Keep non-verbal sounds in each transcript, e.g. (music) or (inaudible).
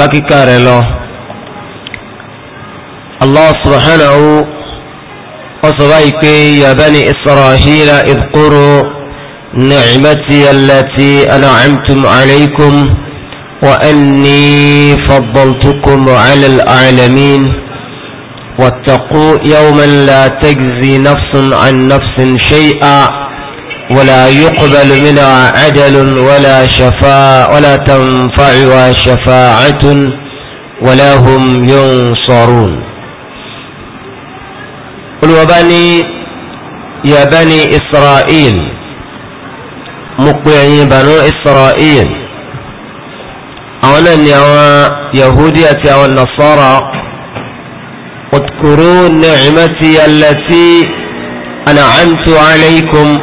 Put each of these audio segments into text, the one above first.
باقي كارلو الله سبحانه وصبيك يا بني إسرائيل اذكروا نعمتي التي أنعمتم عليكم وأني فضلتكم على الأعلمين واتقوا يوما لا تجزي نفس عن نفس شيئا ولا يقبل منها عدل ولا شفاء ولا تنفعها شفاعة ولا هم ينصرون قل وبني يا بني إسرائيل مقبعي بنو إسرائيل أولا يا يهودية والنصارى اذكروا نعمتي التي أنعمت عليكم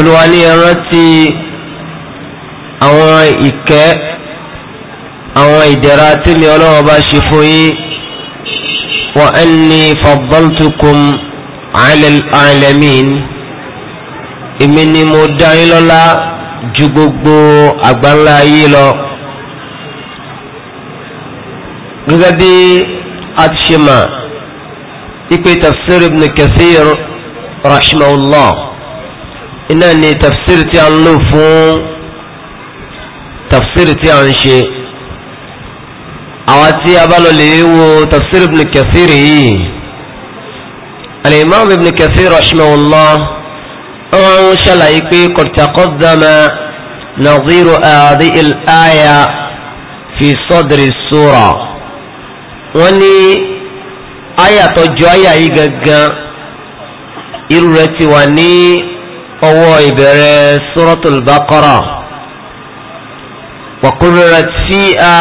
olùwà ní ẹrántí àwọn ìkẹ́ àwọn ìdẹ̀ra tí mi ọlọ́wọ́ bá ṣe fún yín wa anni faddaltukum ala alamin èmi ni mo dá yín lọ́lá ju gbogbo àgbáńlá ayé lọ. gẹ́gẹ́ bí a ti ṣe mà ipe tafsir ibn kathir rahimahullah iná ni tafsir tí a ń lò fún tafsir tí a ń ṣe àwa tí a bá lọ lè wo tafsir ibn kathir yìí alimami ibn kathir rahimahullah wọn ń ṣàlàyé pé qad taqaddama nadhiru hadhihi al-aya fi sadri sura wọn ní àyà àyà yìí gangan irú rẹ̀ ti wà ní ọwọ́ ìbẹ̀rẹ̀ suratul baqara wàkúrẹ́rẹ́ tí a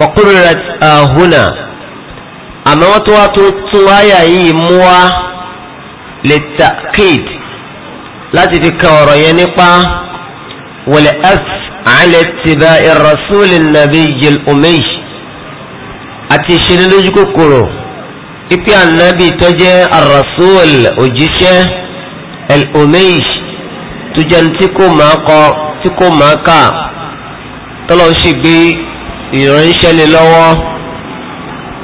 wàkúrẹ́rẹ́ ahuna àmọ́ wọ́n tó wá tó tún wáyà yìí mú wá lè ta kéèdì láti fi kan ọ̀rọ̀ yẹn nípa wọlé ẹs àlẹ tìbà ìrọ̀súlì nàbí yìl omeyi àti ìṣẹ́ni lójú kòkòrò ipe ànábì tó jẹ́ àrọ̀súlì òjíṣẹ́ al-umaysh tó jẹ́ ní tí kò máa kọ tí kò máa kà tọ́lọ́ sì gbé ìránṣẹ́ lé lọ́wọ́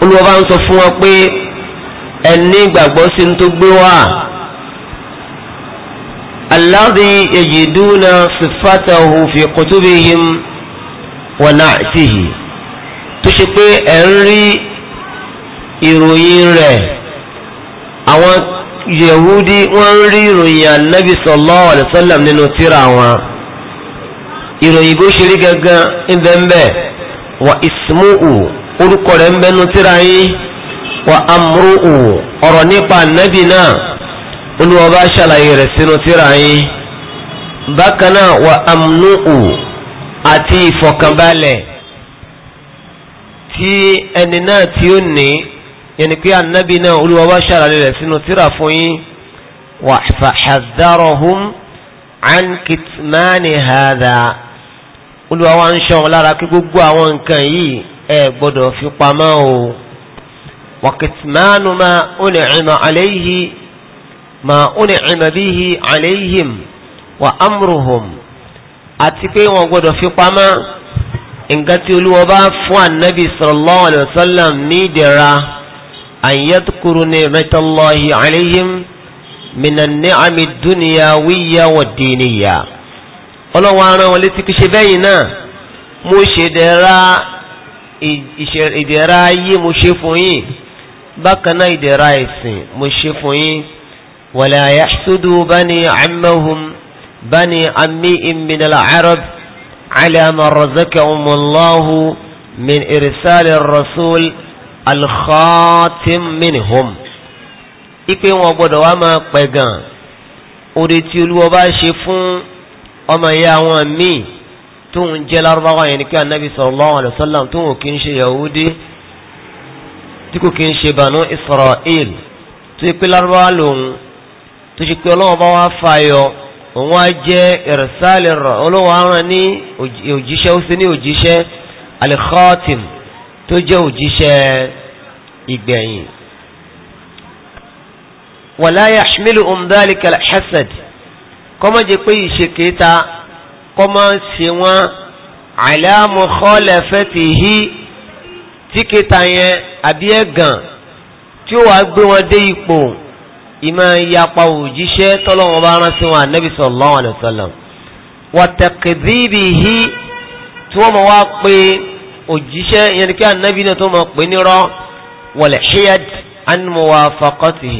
olùwọ́ bá ń sọ fún wọn pé ẹni gbàgbọ́ sí ń tó gbé wá alladhi yajiduna sifatahu fi kutubihim wa na'tihi tó ṣe pé ẹ̀ ń rí ìròyìn rẹ̀ àwọn yahudi wọ́n ń rí ìròyìn anabi sallallahu alayhi wa sallam nínú tírà wọn ìròyìn bó ṣe rí gangan ńbẹ́ńbẹ́ wa ismu'u orúkọ rẹ̀ ńbẹ́nu tírà yín wa amru'u ọ̀rọ̀ nípa anabi náà olúwa bá ṣàlàyé rẹ̀ sínú tírà yín bákan náà wa amnu'u àti ìfọ̀kànbalẹ̀ tí ẹni náà tí ó ní yẹni pé anabi náà olúwa wá ṣàlàyé rẹ̀ sínú tírà fún yín wà fàḥàdàrọ̀hún ankitmani hàdà olúwa wá ń ṣọ́ wọn lára kí gbogbo àwọn nǹkan yìí ẹ gbọ́dọ̀ fi pamọ́ o wàkìtmánu ma un'ima alayhi ma un'ima bihi alayhim wa amruhum àti pé wọn gbọ́dọ̀ fi pamọ́ nǹkan tí olúwa fún anabi sallallahu alayhi ní ìdẹ̀ra. أن يذكروا نعمة الله عليهم من النعم الدنيوية والدينية ọlọ́wọ́ ara wọn létí kí ṣe bẹ́yìn náà mo ṣe ìdẹ̀ra ayé mo ṣe fún yín bákan náà ìdẹ̀ra ẹ̀sìn mo ṣe fún yín ولا يحسدوا بني عمهم بني عمي من العرب على ما رزقهم الله من إرسال الرسول alkhatim minhum ipe wọn gbọ́dọ̀ wá máa pẹ̀gàn orí tí olúwa bá ṣe fún ọmọ ìyá wọn míì tó ń jẹ́ lárúbáwá yẹn ni pé anabi sallallahu alaihi wasallam tó ń kí ń ṣe yahudi tí kò kí ń ṣe bànú israel tó yẹ pé lárúbáwá lòun tó ṣe pé ọlọ́wọ́ bá wá fàyọ òun á jẹ́ ìrẹsàlẹ̀ rọ̀ ọlọ́wọ́ á ní òjíṣẹ́ ó sì ní òjíṣẹ́ alikhatim tó jẹ́ òjíṣẹ́ ìgbẹ̀yìn. wala yahmiluhum dhalika al-hasad kọ́mọ́ jẹ́ pé ìṣèkéta kọ́mọ́ ṣe wọ́n ala mukhalafatihi tí kéta yẹn àbí ẹ̀gàn tí ó wàá gbé wọn dé ipò ìmọ̀ ìyapa òjíṣẹ́ tọ́lọ́wọ́n bá rán sí wọn ànábì sallallahu alaihi wasallam wa tí wọ́n mọ̀ wá pé òjíṣẹ́ yẹn ni kí anabi náà tó máa pè nírọ́ wọlé hiyad anuwa fakọtì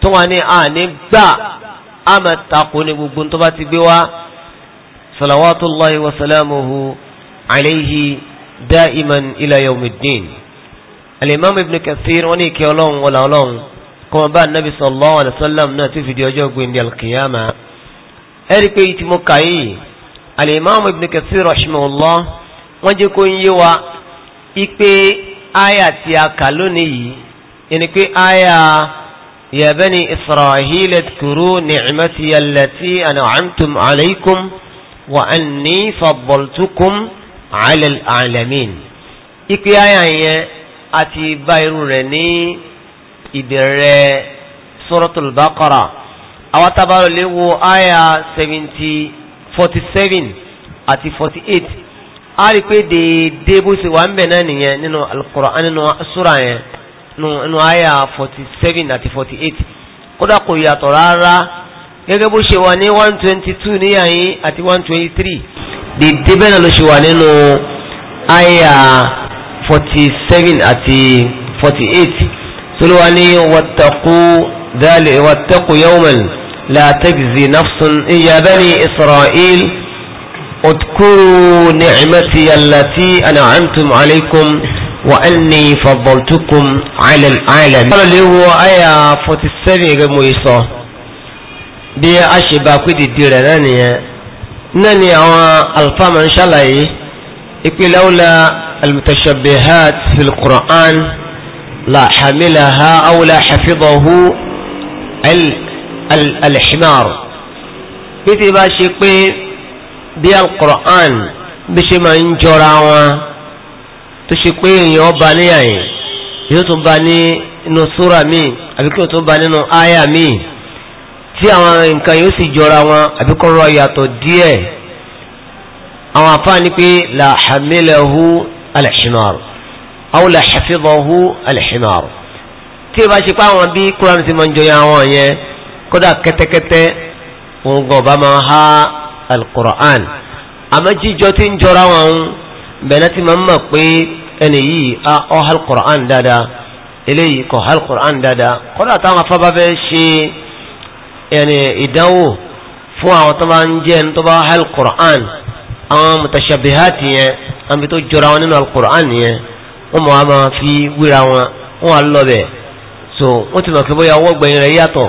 tó wà ní àní gbà á máa takò ní gbogbo tó bá ti gbé wá salawatullahi wa salamuhu alayhi da'iman ila yawmiddin alimami ibn kathir wọn ní ìkẹ́ ọlọ́run wọlé ọlọ́run kọ́mọ wọ́n jẹ́ kó ń yé wa ipe aya tí a kà lónìí yìí yẹn ni pé aya ya bani israhil adkuru ni'mati allati an'amtum alaykum wa anni faddaltukum ala al-alamin ipe aya yẹn àti bá irú rẹ̀ ní ìbẹ̀rẹ̀ suratul baqara àwọn tábàrò lè aya seventy forty seven àti forty eight a rí pé déédé bó ṣe wà ń bẹ̀ náà nìyẹn nínú al-Qur'an nínú súra yẹn nínú àyà forty seven àti forty eight kódà kò yàtọ̀ rárá gẹ́gẹ́ bó ṣe wà ní one twenty two àti one twenty three bẹ́ẹ̀ náà ló ṣe wà nínú àyà forty àti forty eight ní wattaqu dhali wattaqu yawman la tajzi nafsun ìyá اذكروا نعمتي التي انعمتم عليكم واني فضلتكم على العالم قال لي هو ايا 47 غير ميسا دي اشي باكو دي دي رانيا الفام ان شاء الله يقول لولا المتشبهات في القران لا حملها او لا حفظه ال ال الحمار كتب شيء bí al-Qur'an bí ṣe máa ń jọra wọn tó ṣe pé èèyàn ọba níyà yẹn yóò tún ba ní inú súra míì àbí kí o tún ba nínú àyà míì tí àwọn nǹkan yóò sì jọra wọn àbí kọ́ rọ yàtọ̀ díẹ̀ àwọn afáàní pé la hamilahu al-himar aw la hafidahu al ṣe pé àwọn bí kúránì ti máa ń jọyọ àwọn yẹn kódà kẹ́tẹ́kẹ́tẹ́ òun gan ọba máa ha al-Qur'an àmọ́ jíjọ tí ń jọra wọn bẹ̀rẹ̀ tí máa ń mọ̀ pé ẹni yìí a ọ̀hà al-Qur'an dáadáa eléyìí kò ọ̀hà al-Qur'an dáadáa kọ́dà táwọn afábá fẹ́ ṣe ẹni ìdánwò fún àwọn tó bá ń jẹ́ ẹni tó bá ọ̀hà al-Qur'an àwọn mutashabihati yẹn àmì tó jọra wọn nínú al-Qur'an yẹn wọ́n mọ̀ wá fi wíra wọn wọ́n wá lọ bẹ̀ so wọ́n ti mọ̀ pé bóyá ọwọ́ gbẹ̀yìn rẹ̀ yàtọ̀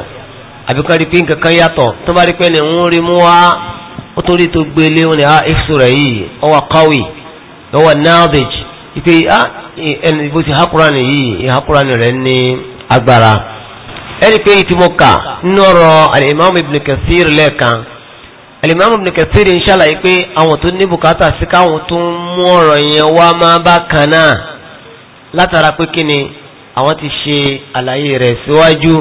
àbíkọ́ rí pé nǹkan kan yàtọ̀ tó bá rí pé ni ń rí mú wá ó torí tó gbélé ó ní a ah, ifsu rẹ̀ yìí ó wà qawi ó wà nadij ìpè a ah, ẹni bó ti hakurani yìí ìhakurani rẹ̀ ní agbára ẹni pé ìtìmọ̀ka nínú alimami ibn kathir lẹ́ẹ̀kan alimami ibn kathir ń ṣàlàyé pé àwọn tó ní bùkátà sí káwọn tó ń mú ọ̀rọ̀ yẹn wá máa bá kan náà látara pé kí ni àwọn ti ṣe àlàyé rẹ̀ síwájú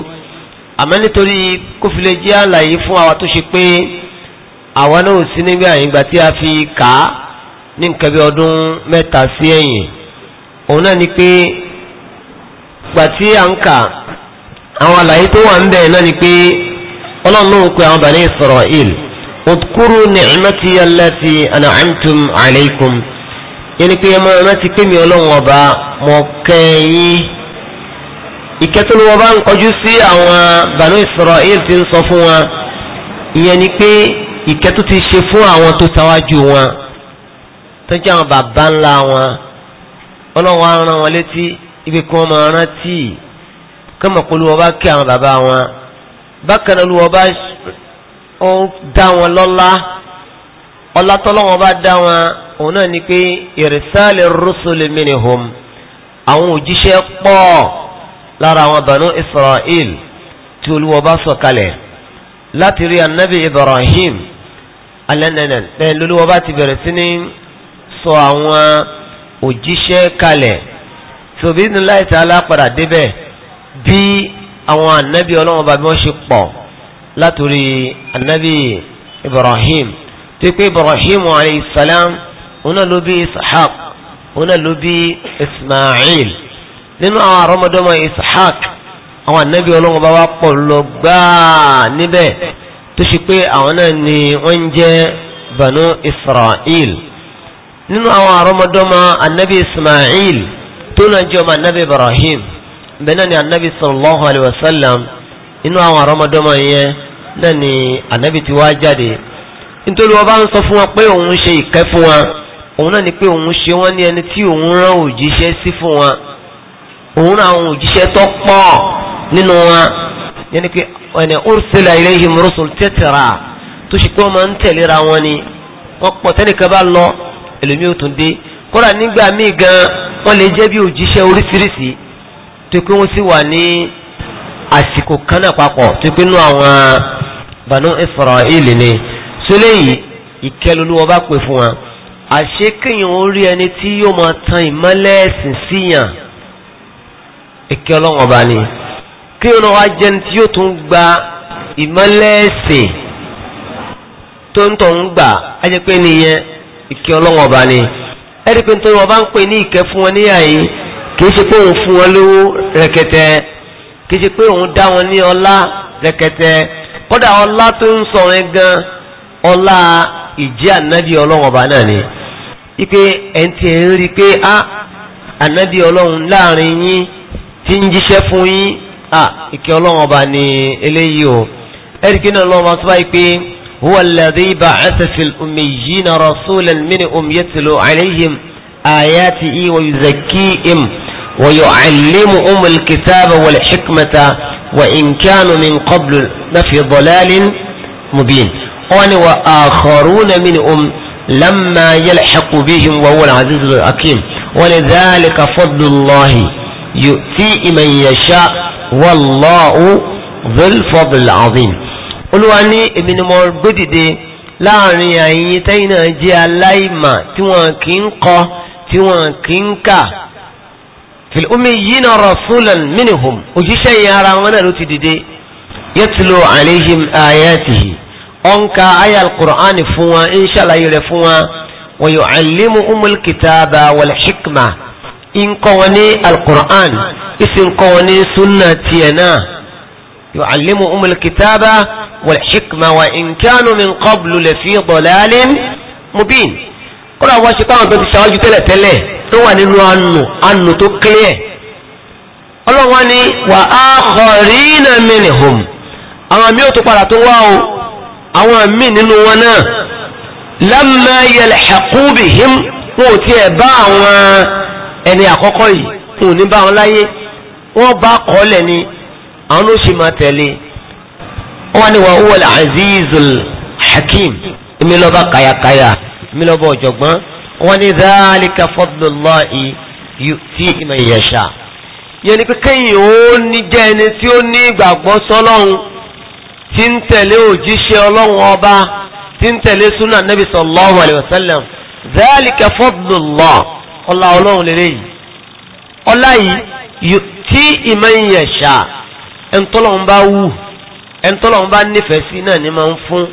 àmọ́ nítorí kófìlẹ̀ jẹ́ àlàyé fún àwa tó ṣe pé. àwọn náà sí nígbà ìgbà tí a fi kà á ní nǹkan ọdún mẹ́ta sí ẹ̀yìn òun náà ni pé ìgbà tí a ń kà àwọn àlàyé tó wà ń bẹ̀ náà ni pé ọlọ́run ló ń pe àwọn Bani Isra'il udkuru ni'mati yẹn ni pé ọlọ́run ọba mọ̀ kẹ́yìn bá ń kọjú sí àwọn Isra'il ti sọ ìkẹ́ tó ti ṣe fún àwọn tó ṣáwájú wọn tó jẹ́ àwọn bàbá ńlá wọn ọlọ́run á rán wọn létí ibi kí wọ́n máa rántí kọ́mọ̀ pé olúwọ́ bá kí àwọn bàbá wọn bákan náà olúwọ́ bá dá wọn lọ́lá ọlá tọ́lọ́wọ́n bá dá wọn òun náà ni pé ìrìsàlẹ̀ rúṣùlẹ̀ mìíràn àwọn òjíṣẹ́ pọ̀ lára àwọn bànú Israel tí olúwọ́ bá sọ kalẹ̀ láti rí anabi Ibrahim alẹ́nẹ̀nẹ̀ bẹ́ẹ̀ lólúwọ́ bá ti bẹ̀rẹ̀ sí ní sọ àwọn òjíṣẹ́ kalẹ̀ tòbí ní láìsí alápàdà débẹ̀ bí àwọn ànábì ọlọ́wọ́n bá bí wọ́n ṣe pọ̀ látòrí ànábì Ibrahim tó pé Ibrahim alayhi salam ló bí Ishaq òun ló bí Ismail nínú àwọn àrọ́mọdọ́mọ Ishaq àwọn ànábì ọlọ́wọ́n bá wá pọ̀ lọ gbáà níbẹ̀ tó ṣe pé àwọn náà ni wọ́n ń jẹ́ banu israel nínú àwọn àrọ́mọdọ́mọ anabi ismail tó náà jẹ́ ọmọ anabi ibrahim bẹ́ẹ̀ náà ni anabi sallallahu alayhi wa sallam inú àwọn àrọ́mọdọ́mọ yẹn náà ni anabi ti wá jáde nítorí wọ́n bá ń sọ fún wọn pé òun ṣe ìkẹ́ fún wọn òun náà ni pé òun ṣe wọ́n ní ẹni tí òun rán òjíṣẹ́ sí fún wọn òun rán àwọn òjíṣẹ́ tó pọ̀ nínú wọn yẹni pé ẹni ursila ilayhim rusul tẹ́tẹ̀ra tó ṣe pé wọ́n máa ń tẹ̀léra wọn ni wọ́n pọ̀ tẹ́nìkan bá lọ ẹlòmí ò tún dé kódà nígbà míì gan wọ́n lè jẹ́ bí òjíṣẹ́ oríṣiríṣi tó pé wọ́n sì wà ní àsìkò kan náà papọ̀ tó pé nú àwọn banu Israel ni sólè yìí ìkẹlólúwọ́ bá pè fún wọn àṣé kéèyàn ó ẹni tí yóò máa tan ìmọ́lẹ̀ síyàn ìkẹ́ ọlọ́wọ́n ọba ni kí ọ̀nà wa jẹ́ ní tí yóò tún gba ìmọ́lẹ̀ ẹ̀sìn tó ń tọ̀ ń gbà á jẹ́ pé nìyẹn ìkẹ́ ọlọ́wọ́ ọba ni ẹ̀rí pé nítorí wọn ń pè ní ìkẹ́ fún wọn níyà kì í ṣe pé òun fún wọn lówó rẹ̀kẹ̀tẹ̀ kì í ṣe pé òun dá wọn ní ọlá rẹ̀kẹ̀tẹ̀ kódà ọlá tó ń sọ rẹ̀ gan ọlá ìjẹ́ ànábì ọlọ́wọ́ ọba náà ni ipe ẹ̀ǹtì ẹ̀ ń rí i pé a ànábì ọlọ́run láàrin yín ti ń jíṣẹ́ fún yín à ìkẹ́ ọlọ́run bá ni eléyìí o ẹ̀ríkì náà lọ́wọ́ tó báyìí pé huwa alladhi ba'atha fil omi yìí náà yatlu alayhim ayatihi wa yuzakkihim wa yu'allimuhum al-kitaba wal hikmata wa in kanu wọ́n qablu lafi dalalin mubin wọ́n lè wọ́n ni wa akharuna minhum lamma yalhaqu bihim wa huwa al-azizul hakim ولذلك فضل الله يؤتي من يشاء wallahu dhul fadl azim olúwa ní èmi ni mo gbé dìde láàrin àyín tẹ́yìn náà jẹ́ aláìmà tí wọ́n kì ń kọ tí wọ́n kì ń kà fil ummiyina rasulan minhum òjíṣẹ́ yẹn ara wọn náà ló ti dìde yatlu alayhim ayatihi ọ̀nkà ayà al-Qur'ani fún wa ń ṣàlàyé fún wa wa yu'allimuhumul kitaba wal hikma ń kọ́ wọn ní alukur'an ìsì ń kọ́ wọn ní sunna tiẹ̀ náà yu'allimuhum alkitaba wal hikma wa in kanu min qablu lafi dalalin mubin kọ́ra wọ́n ṣe káwọn tó ti ṣáwájú tẹ́lẹ̀tẹ́lẹ̀ tó wà nínú ànú ànú tó clear ọlọ́wọ́n ni wa akharina minhum àwọn míì ò tó padà tó wá o àwọn míì nínú wọn náà lamma yalhaqu bihim wọn ò tiẹ̀ bá àwọn ẹni àkọ́kọ́ yìí wọn ò ní bá wọn láyé wọ́n bá kọ́lẹ̀ ni àwọn ló ṣe máa tẹ̀lé wọ́n ní wa huwa al-azizul hakim èmi lọ́ba kàyàkàyà èmi lọ́ba ọ̀jọ̀gbọ́n wọ́n ní dhalika fadlullahi yu'tihi man yasha yẹn ni pé kéyìn ó ní jẹ́ ẹni tí ó ní ìgbàgbọ́ sọ́lọ́run tí ń tẹ̀lé òjíṣẹ́ ọlọ́run ọba tí ń tẹ̀lé sunnah nabi sallallahu alayhi wa sallam dhalika fadlullah ọlá ọlọ́run lè léyìí ọlá yìí tí ìmọ̀ ìyẹn ṣà ẹ̀ńtọ́lọ́run bá wù ẹ̀ńtọ́lọ́run bá nífẹ̀ẹ́ sí náà ni máa ń fún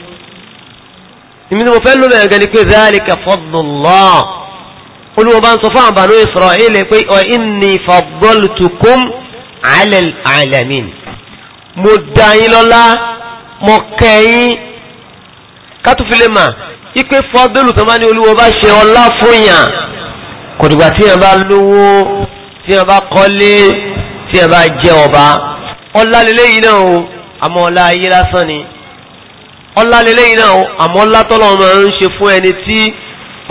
ìmí ni mo fẹ́ lónìí ẹ̀gẹ́ ni pé zalika fadlullah olùwọ́n bá ń sọ fún Banu Isra'il pé wa inni faddaltukum ala al mo dá yín lọ́lá mo kẹ́ yín kátó fi lè mà ipe fọ́dọ́lù tó bá ní olúwo bá ṣe ọlá fún yàn kò dìgbà tí yẹn bá lówó tí yẹn bá kọ́lé tí yẹn bá jẹ ọba ọlá lélẹ́yìn náà o àmọ́ ọlá ayé lásán ni ọlá lélẹ́yìn náà o àmọ́ ọlá tọ́lọ́run máa ń ṣe fún ẹni tí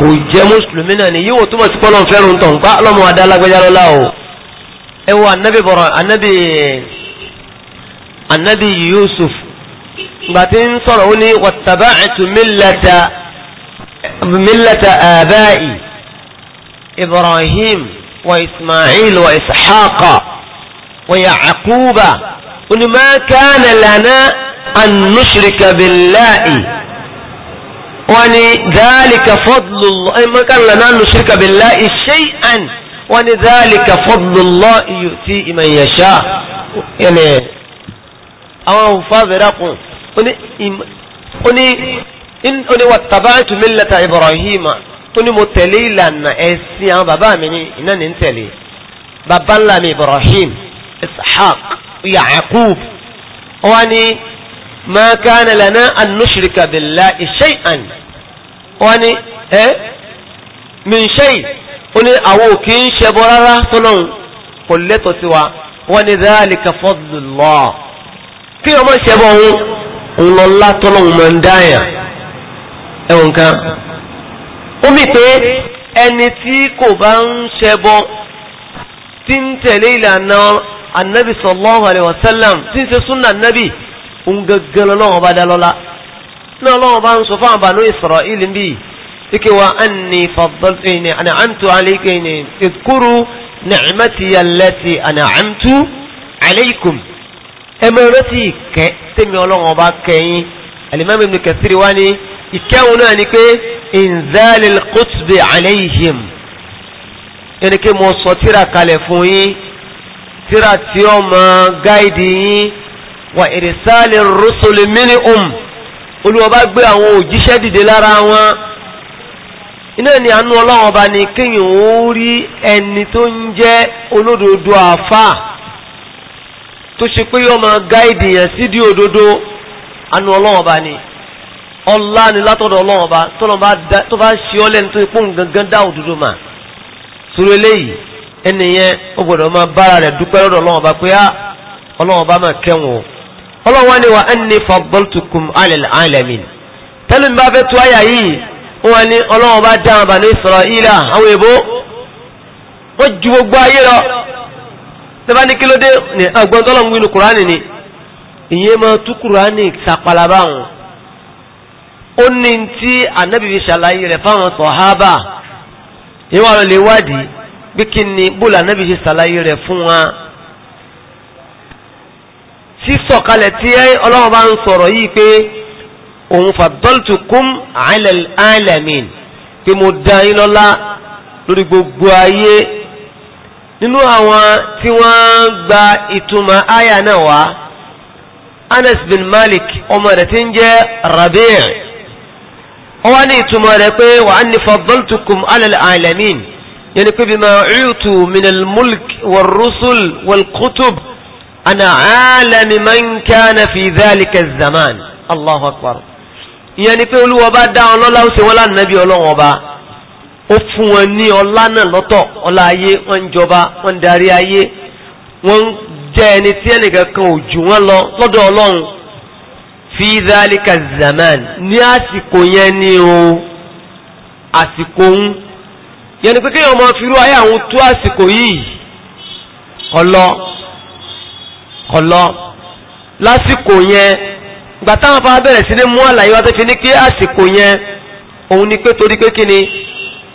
kò jẹ́ mùsùlùmí náà ni yíwò túmọ̀ sí pọ́lọ́n fẹ́ràn tán gbá ọlọ́mọ adálágbẹ́já lọ́la o ẹ wo anabi bọ̀rọ̀ anabi anabi yusuf gbàtí ń sọ̀rọ̀ ó ní wattaba'tu millata millata aba'i. إبراهيم وإسماعيل وإسحاق ويعقوب قل ما كان لنا أن نشرك بالله ولذلك فضل الله إيه، ما كان لنا أن نشرك بالله شيئا ولذلك فضل الله يؤتيه من يشاء يعني أو فاضرق قل قل إن واتبعت ملة إبراهيم tó ní mo tẹ̀lé ìlànà ẹ̀sìn àwọn bàbá mi ní iná ní ń tẹ̀lé bàbá ńlá mi Ibrahim Ishaq Yaqub wọ́n ní ma kana lana an nushrika billahi shay'an wọ́n ní ẹ́ min shay' ó ní àwọn òkè ń ṣẹbọ rárá tọ́lọ́hún kò lẹ́tọ̀ sí wa wọ́n ní dhalika fadlullah kí ọmọ ṣẹbọ òun ńlọ́lá tọ́lọ́hún máa ń dáyà ẹ̀wọ̀n kan ó mì pé ẹni tí kò bá ń ṣẹbọ tí ń tẹ̀lé ìlànà anabi sallallahu alayhi wa sallam tí ń ṣe súnà anabi òun gẹ́gẹ́ lọ́wọ́ bá dá lọ́la náà lọ́wọ́ bá ń sọ fún àbánú Isra'il bíi ike wa anni faddaltu ini an'amtu alayka ini idkuru ni'mati allati an'amtu alaykum ẹ máa rántí ìkẹ́ tèmi Ọlọ́run ọba kẹ́ yín Al-Imam Ibn Kathir wá ìkẹ́hùn náà ni pé inzalil kutbi alayhim ẹni pé mo sọ tíra kalẹ̀ fún yín tíra tí ó mọ gáìdì yín wà ìrìsàlẹ̀ rúṣùlẹ̀ mínú olúwa bá gbé àwọn òjíṣẹ́ dìde lára wọn iná ni àánú ọlọ́run ọba ni kéèyàn ó rí ẹni tó ń jẹ́ olódodo àáfà tó ṣe pé yọ máa gáìdì yẹn sídìí òdodo àánú ọlọ́run ọba ni ọlá ni látọ̀dọ̀ ọlọ́run ọba tó bá ṣe ọ́ lẹ́nu tó ipò gangan dá òdodo mà sórí eléyìí ẹni yẹn ó gbọ́dọ̀ máa bára rẹ̀ dúpẹ́ lọ́dọ̀ ọlọ́run ọba pé á ọlọ́run ọba máa kẹ́wọ̀n ọlọ́run wá ní wa anni faddaltukum alal alamin tẹ́lẹ̀ mi bá fẹ́ tó àyà yìí wọ́n ní ọlọ́run ọba dá àwọn Bani Israila àwọn èèbó wọ́n ju gbogbo ayé lọ tẹ́bá ní kí ló dé ní agbọ́ntọ́lọ́mù inú kùránì ni ìyẹn máa tú kùránì sàpàlà báwọn ó ní tí ànábì fi ṣàlàyé rẹ̀ fáwọn sọ̀hábà ìwà rẹ̀ lè wádìí bí kí ni bóòlù ànábì ṣe ṣàlàyé rẹ̀ fún wa sísọ̀kalẹ̀ tí ọlọ́run bá ń sọ̀rọ̀ yìí pé òun faddaltukum ala alamin pé mo dá yín lọ́lá lórí gbogbo ayé nínú àwọn tí wọ́n gba ìtumọ̀ àyà náà wá Anas bin Malik ọmọ rẹ̀ tí ń jẹ́ Rabi' ó wá ní ìtumọ̀ rẹ̀ pé wa anni faddaltukum ala al-alamin yẹni pé bima utu min al-mulk wal-rusul wal-kutub ana alami man kana fi dhalika az-zaman allahu akbar ìyẹn ni pé olúwa bá dá wọn lọ́lá ó ṣe wọn lánàbí ọlọ́wọ́n ọba ó fún wọn ní ọlá náà lọ́tọ̀ ọlá ayé wọ́n ń jọba wọ́n ń darí ayé wọ́n ń jẹ́ ẹni tí ẹnìkan kan ò jù wọ́n lọ lọ́dọ̀ ọlọ́run fi dhalika zaman ní àsìkò yẹn ni o àsìkò ń yẹn ni pé kéèyàn máa fi rú ayé àwọn tó àsìkò yìí kọlọ kọlọ lásìkò yẹn gbà táwọn afárá bẹ̀rẹ̀ sí ní mú àlàyé wa tó fi ní kí àsìkò yẹn òun ni pé torí pé kí ni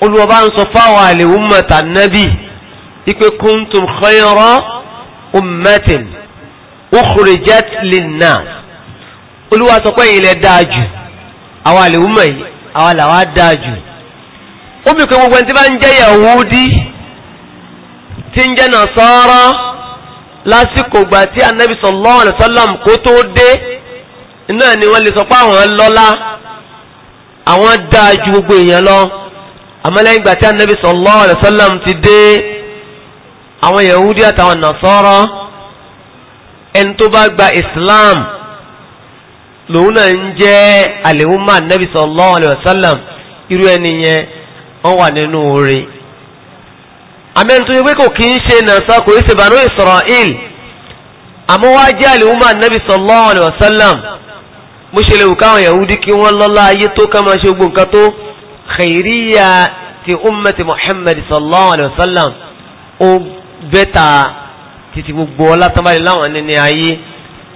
ń sọ fáwọn àlè ummata nabi ipe kuntum khayra ummatin ukhrijat linnas olúwa sọ pé ilẹ̀ dáa jù àwọn àlèwúmọ̀ yìí àwọn làwa dáa jù ó bì pé gbogbo ẹni tí bá ń jẹ́ Yahudi tí ń jẹ́ Nasara lásìkò gbà tí anabi sallallahu alaihi wasallam kó tó dé náà ni wọ́n lè sọ pé àwọn lọ́lá àwọn dáa ju gbogbo èèyàn lọ àmọ́ gbà tí anabi sallallahu alaihi wasallam ti dé àwọn Yahudi àtàwọn Nasara ẹni tó bá gba Islam lòun náà ń jẹ́ àlèhùnmá nabi sallallahu alayhi wa sallam irú ẹni yẹn wọ́n wà nínú oore amẹ́rin tó yẹ pé kò kí ń ṣe nàṣà kò í ṣe bànú Israel àmọ́ wá àlèhùnmá nabi sallallahu alayhi mo ṣe lè wù káwọn Yahudi kí wọ́n lọ́lá ayé tó ká máa ṣe gbogbo nǹkan tó khairiyya ti ummati Muhammad sallallahu alayhi wa sallam ó bẹ́ta títí gbogbo ọlá tán láwọn ní ayé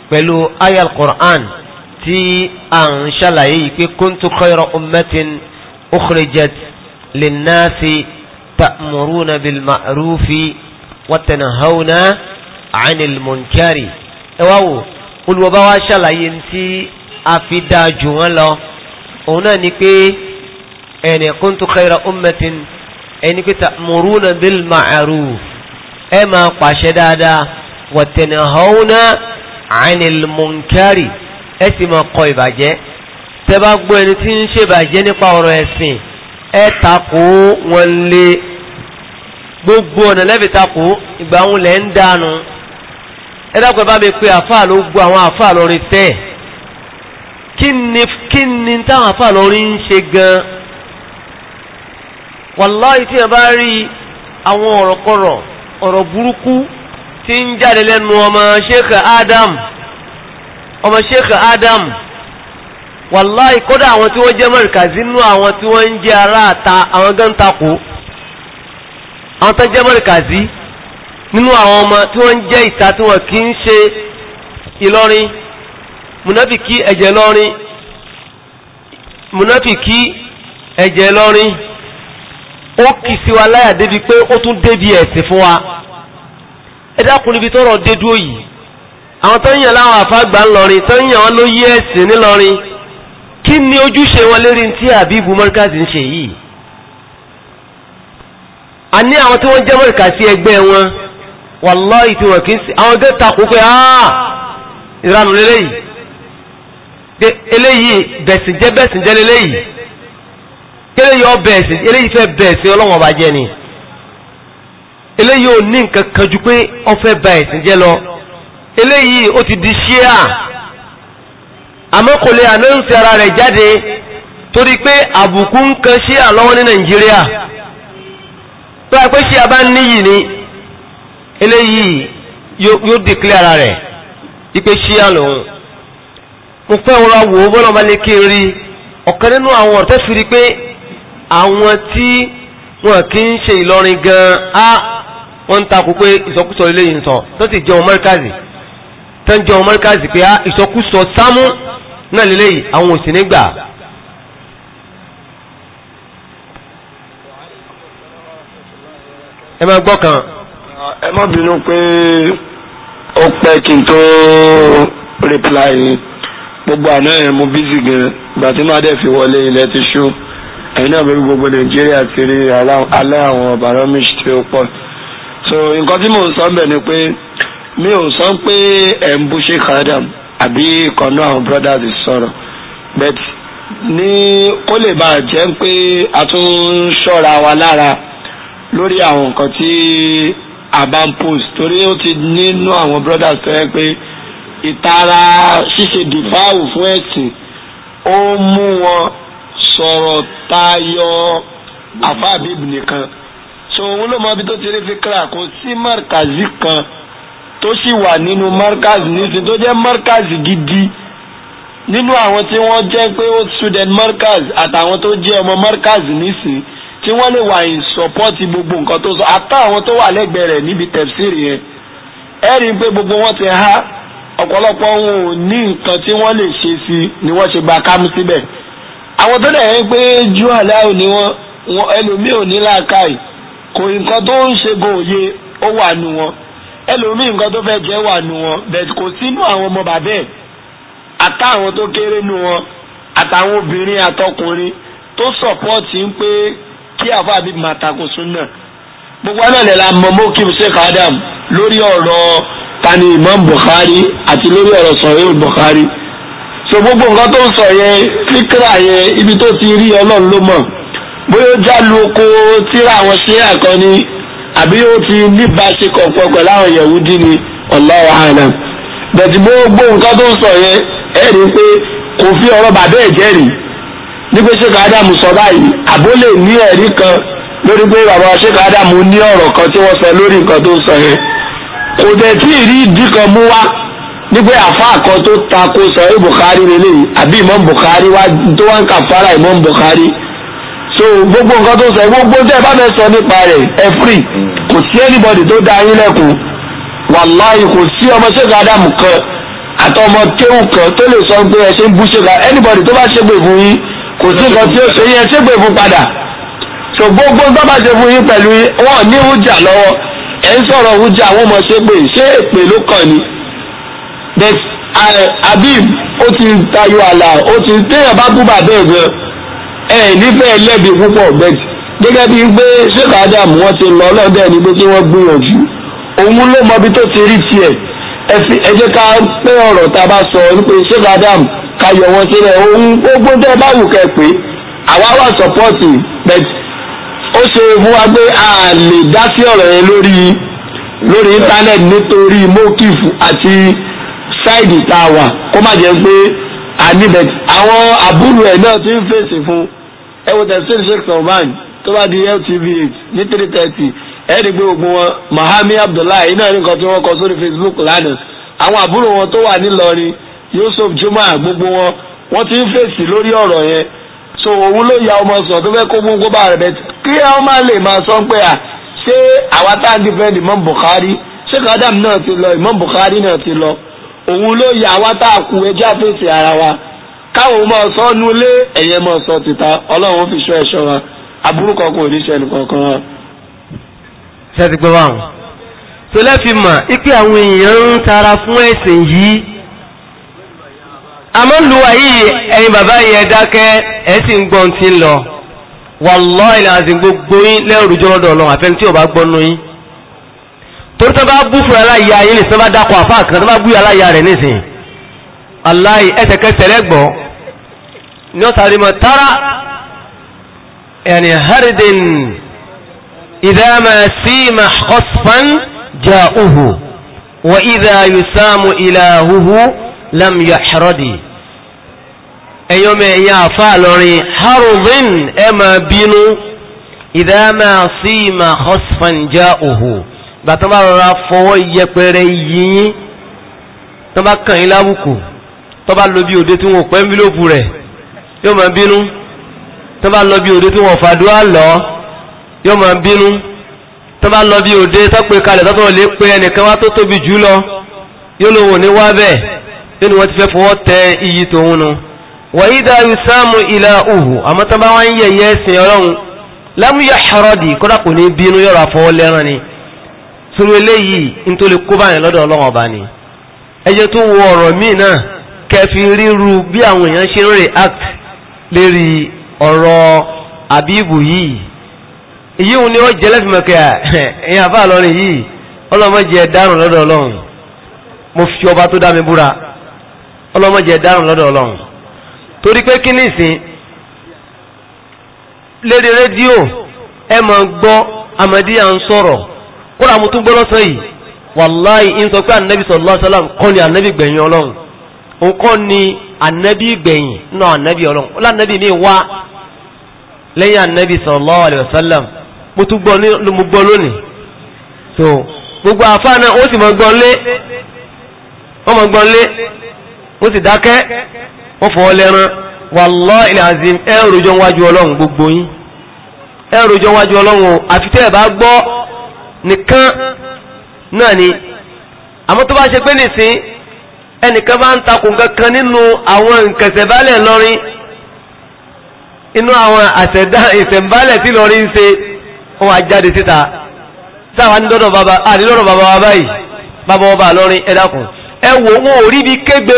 pẹ̀lú ayal Qur'an. tí a ń ṣàlàyé yìí pé kuntu khayra ummatin ukhrijat linnasi ta'muruna bil ma'rufi wa tanhauna 'anil munkari ẹ wá wò olùwọ́bá wa ṣàlàyé tí a fi da jù wọ́n lọ òun náà ni pé ẹni kuntu khayra ummatin ẹni pé ta'muruna bil ma'ruf ẹ máa pàṣẹ dáadaa wa tanhauna 'anil munkari. ẹ sì máa kọ ìbàjẹ́ tẹ bá gbọ́ ẹni tí ń ṣèbàjẹ́ nípa ọ̀rọ̀ ẹ̀sìn ẹ takò wọn lé gbogbo ọ̀nà lẹ́bi takò ìgbà wọn lẹ̀ ń dànù ẹ dákun ẹ bá mi pe àfáà ló gbọ́ àwọn àfáà lórí tẹ́ kí ni kí ni táwọn àfáà lórí ń ṣe gan wàláyé tí ẹ bá rí àwọn ọ̀rọ̀kọ̀rọ̀ ọ̀rọ̀ burúkú tí ń jáde lẹ́nu ọmọ Sheikh Adam ọmọ sheikh adam wàláì kódà àwọn tí wọ́n jẹ́ mọ̀rìkàzí nínú àwọn tí wọ́n ń jẹ́ ará àta àwọn gan takò àwọn tó jẹ́ mọ̀rìkàzí nínú àwọn ọmọ tí wọ́n ń jẹ́ ìta tí wọ́n kì í ṣe ìlọrin mùnáfìkì ẹ̀jẹ̀ lọ́rin mùnáfìkì ẹ̀jẹ̀ lọ́rin ó kì sí wa láyà débi pé ó tún débi ẹ̀sìn fún wa ẹ dákun níbi tọ́rọ̀ dé dúró yìí àwọn tó ń yàn láwọn àfágbà ńlọrin tó ń yàn wọn ló yí ẹ̀sìn ńlọrin kí ni ojúṣe wọn lérí tí àbíbu mọ́ríkàsì ń ṣe yìí a ní àwọn tí wọ́n jẹ́ mọ́ríkàsì ẹgbẹ́ wọn wàláhì tí wọ́n kì í sí àwọn gẹ́ takò pé áà ah, ìranù lélẹ́yìí eléyìí bẹ̀sìn jẹ́ bẹ̀sìn jẹ́ lélẹ́yìí eléyìí ọ bẹ̀sìn eléyìí fẹ́ bẹ̀sìn ọlọ́wọ́n bá jẹ́ ni eléyìí ò ní nǹkan kan ju pé ọ fẹ́ ba ẹ̀sìn jẹ́ lọ eléyìí ó ti di ṣíà àmọ́ kò lè ànáǹsì ara rẹ̀ jáde torí pé àbùkù ń kan ṣíà lọ́wọ́ ní nàìjíríà tó a pé ṣíà bá níyì ni eléyìí yóò dìklẹ́ ara rẹ̀ ipe ṣíà lòun mo fẹ́ wọn wò ó bọ́lá ọba lè kí n ọ̀kan nínú àwọn ọ̀rẹ́ fi rí pé àwọn tí wọn kì í ṣe ìlọrin gan-an wọ́n ń takò pé ìsọkúsọ eléyìí ń sọ tó sì jẹun mọ́ríkàzì tánjọ́ mọ́ríkàsì pé ah, ìsọkúsọ sámú náà lélẹ́yìí àwọn òsì nígbà ẹ máa gbọ́ kan. ẹ má bínú pé ó pẹ́ kí n tó reply gbogbo àná ẹ̀ mo bísí gan ìgbà tí má dẹ̀ fi wọlé ilẹ̀ ti ṣú ẹ̀yin náà bẹ́ẹ̀ gbogbo nàìjíríà ti rí alẹ́ àwọn ọ̀bàrán mi tí ó pọ̀ so nǹkan tí mò ń sọ bẹ̀ ni pé mi ò sọ pé ẹ̀ ń bú Sheikh Adam àbí kọ̀nà àwọn brothers sọ̀rọ̀ but ní kó lè bàa jẹ́ pé a tún ṣọ́ra wa lára lórí àwọn nǹkan tí a bá ń post torí ó ti nínú àwọn brothers tó yẹ pé ìtara ṣíṣe dìfáàwù fún ẹ̀sìn ó mú wọn sọ̀rọ̀ tayọ àfáàbíb nìkan so òun ló mọ ibi tó ti rí fi kíra kò sí mọ̀rkàzí kan tó sì wà nínú markaz nísìnyí tó jẹ́ markaz gidi nínú àwọn tí wọ́n jẹ́ pé ó student markaz àtàwọn tó jẹ́ ọmọ markaz nísìnyí tí wọ́n lè wà in support gbogbo nǹkan tó sọ àtàwọn tó wà lẹ́gbẹ̀ẹ́ rẹ̀ níbi tẹ̀síìrì yẹn ẹ rí i pé gbogbo wọn ti há ọ̀pọ̀lọpọ̀ wọn ò ní nǹkan tí wọ́n lè ṣe sí ni wọ́n ṣe gba kámú síbẹ̀ àwọn tó dẹ̀ yẹn pé ju aláwo ni wọ́n ẹlòmíì ò ní làákàyè kò nǹkan tó ń ṣe gòòye ó wà nù wọn ẹlòmíì nǹkan tó fẹ́ jẹ́ wà nù wọn bẹ́ẹ̀ kò sínú àwọn ọmọ bàbá ẹ̀ àtàwọn tó kéré nù wọn àtàwọn obìnrin àtọkùnrin tó sọ̀pọ́ọ̀tì ń pé kí àfa bíi màtàkùn súnà gbogbo alẹ́ la mọ mọ́kìm sheikh adam lórí ọ̀rọ̀ tani imam bukhari àti lórí ọ̀rọ̀ sọ̀rọ̀ bukhari so gbogbo nǹkan tó ń sọ yẹn fíkra yẹn ibi tó ti rí ọlọ́run ló mọ̀ bóyá ó já lu oko tíra àwọn ṣe àkànni àbí ó ti níbaṣekọ̀ pọ̀ pẹ̀lú àwọn Yahudi ni Allahu a'lam bẹ̀tì gbogbo nǹkan tó ń sọ yẹn ẹ rí i pé kò fi ọ̀rọ̀ bàbá ẹ̀ jẹ́rìí nígbà ṣèkà ádámù sọ báyìí àbó lè ní ẹ̀rí kan lórí pé bàbá ṣèkà ádámù ní ọ̀rọ̀ kan tí wọ́n sọ lórí nǹkan tó ń sọ yẹn kò dẹ̀ tí ì rí ìdí kan mú wá nígbà àfáà kan tó ta sọ ẹ Bukhari lélẹ́yìí àbí Imam Bukhari wá tó wá ń kà fara Imam Bukhari so gbogbo nǹkan tó sọ gbogbo tẹ́ ẹ bá fẹ́ sọ nípa rẹ̀ ẹ free kò sí anybody tó da yín lẹ́kùn wàláhì kò sí ọmọ ṣẹ́gun adamu kan àtọmọ kéwù kan tó lè sọ pé ẹ ṣe ń bú ṣẹ́gun anybody tó bá ṣègbè fún yín kò sí nǹkan tí ó ṣe yín ẹ ṣègbè fún padà so gbogbo tó bá ṣe fún yín pẹ̀lú wọn ní hújà lọ́wọ́ ẹ ń sọ̀rọ̀ hújà wọn mọ̀ ṣègbè ṣé èpè ló kàn ni but uh, abib ó ti tayọ àlà ó ti téèyàn bá bú bàbá ẹ̀ gan ẹ nífẹ̀ẹ́ lẹ́bi púpọ̀ bẹ́ẹ̀ gẹ́gẹ́ bíi pé ṣèkà ádámù wọ́n ti lọ ọlọ́dẹ ni pé kí wọ́n gbìyànjú òun ló mọbi tó ti rí tiẹ̀ ẹ jẹ́ ká pé ọ̀rọ̀ tá a bá sọ nípa ṣèkà ádámù ká yọ wọn sílẹ̀ òun gbogbo tẹ́ ẹ bá wù kẹ́ pé àwa wà sọ́pọ́ọ̀tì bẹ́ẹ̀ ó ṣe fún wa pé a lè dá sí ọ̀rọ̀ yẹn lórí lórí íńtánẹ́ẹ̀tì nítorí mókìfù àti sáìdì tá a wà kó má jẹ́ pé àníbẹ̀ àwọn àbúrò ẹ̀ náà ti ń fèsì fún ẹ wò tẹ̀sí sheikh salman tó bá di LTV ní three thirty ẹ rí pé ogun wọn mahami abdullahi iná ní nǹkan tí wọ́n kọ sórí facebook lánàá àwọn àbúrò wọn tó wà nílọrin yusuf juma gbogbo wọn wọ́n ti ń fèsì lórí ọ̀rọ̀ yẹn so òun ló ya ọmọ sọ tó fẹ́ kó gbogbo bá rẹ̀ bẹ̀ kí ẹ má lè máa sọ pé à ṣé àwa tá à ń dífẹ́ Imam Bukhari sheikh adam náà ti lọ Imam Bukhari náà ti lọ òun ló yà wá tá a kú ẹjẹ́ àfẹ́sẹ̀ ara wa káwọn máa sọ ọ́ nulé ẹ̀yẹ máa sọ tìta ọlọ́run fi ṣọ́ ẹ̀ṣọ́ wa aburú kankan ní ṣe ẹnìkankan wa. ṣé ti gbọ́ báwọn. tó lẹ́fi mọ̀ ipe àwọn èèyàn ń tara fún ẹ̀sìn yìí àmọ́ lùwà yìí ẹ̀yin bàbá yẹn dákẹ́ ẹ̀ sì ń gbọ́n ti lọ wàlọ́ọ̀lì àti gbogbo yín lẹ́rù torí tán bá bú fún aláìyá yìí nìsán bá dákọ̀ àfáà kan tán bá bú aláìyá rẹ̀ nísìn aláì ẹsẹ̀kẹsẹ̀ lẹ́gbọ̀n ní ọ̀tàrí mọ̀ tara ẹni haridin ìdáàmà síma khasfan ja'uhu wa idha yusamu ilahuhu lam yahradi ẹ̀yọ́mẹ̀ ẹ̀yà àfáà lọ́rin haridin ẹ máa bínú ìdáàmà síma khasfan ja'uhu gbàtán bá rọra fọwọ́ yẹpẹrẹ yìnyín tán bá kàn yín lábùkù tán bá lọ bí òde tí wọn ò pẹ́ ẹ́ńbílòpù rẹ̀ yóò máa bínú tán bá lọ bí òde tí wọn ò fàdúrà lọ yóò máa bínú tán bá lọ bí òde tán pè kalẹ̀ tán tó lè pe ẹnìkan wá tó tóbi jù lọ yóò lò wò ní wá bẹ́ẹ̀ yóò ní wọ́n ti fẹ́ fọwọ́ tẹ iyì tòun nu wàyí dá yusámu ilà òhù àmọ́ tán bá wá ń yẹ̀yẹ́ sìn ọlọ́run lámúyà xarọ́dì kódà kò ní bínú yọ̀rọ̀ àfọwọ́ ni sọ̀rọ̀ eléyìí nítorí kó báyìí lọ́dọ̀ ọlọ́wọ́n ọba ni ẹ jẹ́ tó wo ọ̀rọ̀ míì náà kẹfì ríru bí àwọn èèyàn ṣe ń react lérí ọ̀rọ̀ àbíbù yìí èyí òun ni ó jẹ́ lẹ́fìmọ̀kẹ́ (laughs) ẹ̀yìn àbá àlọ́rin yìí ọlọ́mọdé ẹ̀dárùn lọ́dọ̀ ọlọ́run mo fi ọba tó dá mi búra ọlọ́mọdé ẹ̀dárùn lọ́dọ̀ ọlọ́run torí pé kí ní ìsìn lérí rédíò ẹ máa gbọ́ amadiya ń sọ̀rọ̀ kóra mo tún gbọ́ lọ́sọ̀ yìí wàláì ń sọ pé ànábì sallallahu alaihi wasallam kọ́ ni ànábì gbẹ̀yìn ọlọ́run òun kọ́ ni ànábì gbẹ̀yìn náà ànábì ọlọ́run ó lànábì mi wá lẹ́yìn ànábì sallallahu alaihi wasallam mo tún gbọ́ mo gbọ́ lónìí so gbogbo àfáà náà ó sì mọ gbọ́n lé wọ́n mọ gbọ́n lé ó sì dákẹ́ wọ́n nìkan náà ni àmọ́ tó bá ṣe pé nìsín ẹnìkan bá ń takò kankan nínú àwọn nkẹsẹ̀bálẹ̀ lọ́rin inú àwọn àṣẹ̀dá ìṣẹ̀mbálẹ̀ tí lọ́rin ń ṣe wọn àjáde síta sáwà ní lọ́dọ̀ bàbá àdílọ́dọ̀ bàbá wa báyìí bàbá ọba lọ́rin ẹ dákun ẹ wò wọn ò rí bí kégbe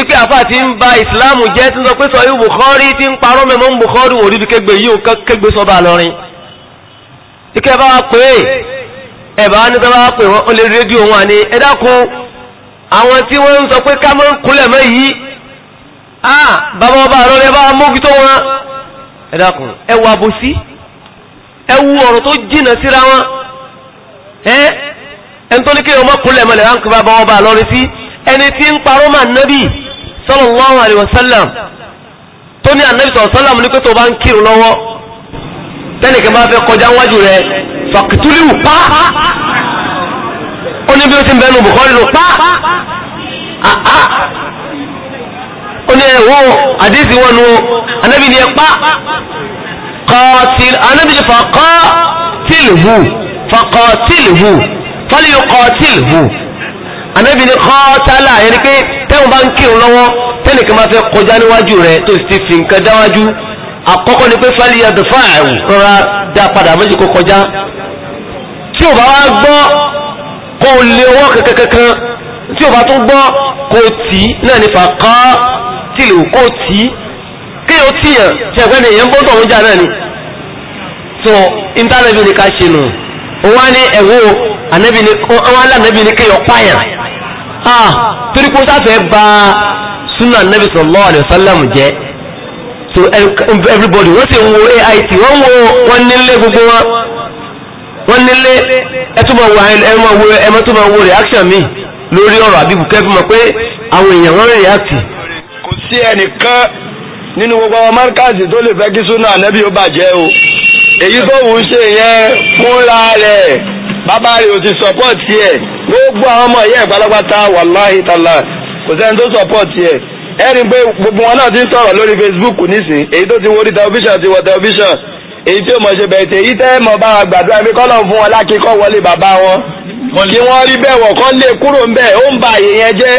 ipe àfà tí ń ba ìsìláàmù jẹ́ tí ń sọ pé sọ yìí Bukhari tí ń parọ́ mẹ́mọ́ ń Bukhari wò rí bí kégbe yìí ò kégbe sọ́ba lọ́rin tí kẹ́ bá wá pé ẹ̀bá ní tó bá wá pè wọ́n ó lè rédíò wọn ni ẹ dákun àwọn tí wọ́n ń sọ pé ká máa ń kúnlẹ̀ mọ́ yìí á bàbá ọba àrọ́ rẹ bá wá mójútó wọn ẹ dákun ẹ wo àbòsí ẹ wo ọ̀rọ̀ tó jìnà síra wọn ẹ ẹni tó kí ọmọ kúnlẹ̀ mọ́ lẹ̀ wá ń kí bàbá ọba àrọ́ rẹ sí ẹni tí ń parọ́ mà nábì sallallahu alaihi wasallam tó ní ànábì sallallahu ní pé tó bá ń kírun lọ́wọ́ tẹ́nìkan bá fẹ́ kọjá wájú rẹ̀ fàkìtúlù pa ó ní bí ó ti ń bẹnu bùkọ́rí lò pa ah, ah. ó ní ẹ̀wọ́ àdéhìsí wọn nu anábì ni ẹ pa anábì ni fàkọ́tìlù fàkọ́tìlù fọ́líyò kọ́tìlù anábì ni kọ́tàlà yẹn ni pé tẹ́wọ̀n bá ń kírun lọ́wọ́ tẹ́nìkan bá fẹ́ kọjá níwájú rẹ̀ tó sì ti fi nǹkan dáwájú àkọ́kọ́ ni pé fẹ́lẹ̀ yẹ dùfà ẹ̀wù rọra dá padà méjì kó kọjá tí ò bá wá gbọ́ kó o lè wọ́ kankankan tí ò bá tún gbọ́ kó o tì í náà nípa kọ́ tí lè kó o tì í kí o tì yàn tí ẹ̀gbẹ́ ni èèyàn ń bọ́ tó ọ̀hún jà náà ni. tó íńtánẹ́ẹ̀tì ni ká ṣe nù òun á ní ẹ̀wọ́ ànábì ni àwọn alánàbì ni kéèyàn pààyàn ah, torí pé ó sáfẹ́ ba sunnah nabi sallallahu alayhi wa sallam jẹ́ to everybody wọ́n sì ń wo AIT wọ́n ń wo wọ́n nílé gbogbo wọn wọ́n nílé ẹtúmọ̀ wo ẹmọ wo ẹmọ tó máa wo reaction mi lórí ọ̀rọ̀ àbíkú kẹ́fí mọ̀ pé àwọn èèyàn wọ́n kò sí ẹnìkan nínú gbogbo àwọn márkàsì tó lè fẹ́ kí súnà ànábì ó bàjẹ́ o èyí tó wù ú ṣe yẹn fúnra rẹ̀ bàbá rẹ̀ ò ti gbogbo ọmọ ìyá ìgbàlagbà ta ẹ̀rí pé gbogbo wọn náà ti ń sọ̀rọ̀ lórí Facebook nísìn èyí tó ti wo orí tẹlifíṣàn ti wọ tẹlifíṣàn èyí tí ó mọ̀ ṣe bẹ̀rẹ̀ tèyí tẹ́ mọ̀ bá wa gbàdúrà pé kọ́lọ̀ fún wọn lákìkọ́ wọlé bàbá wọn kí wọ́n rí bẹ́ẹ̀ wọ̀ kọ́ lé kúrò ń bẹ̀ ó ń ba àyè yẹn jẹ́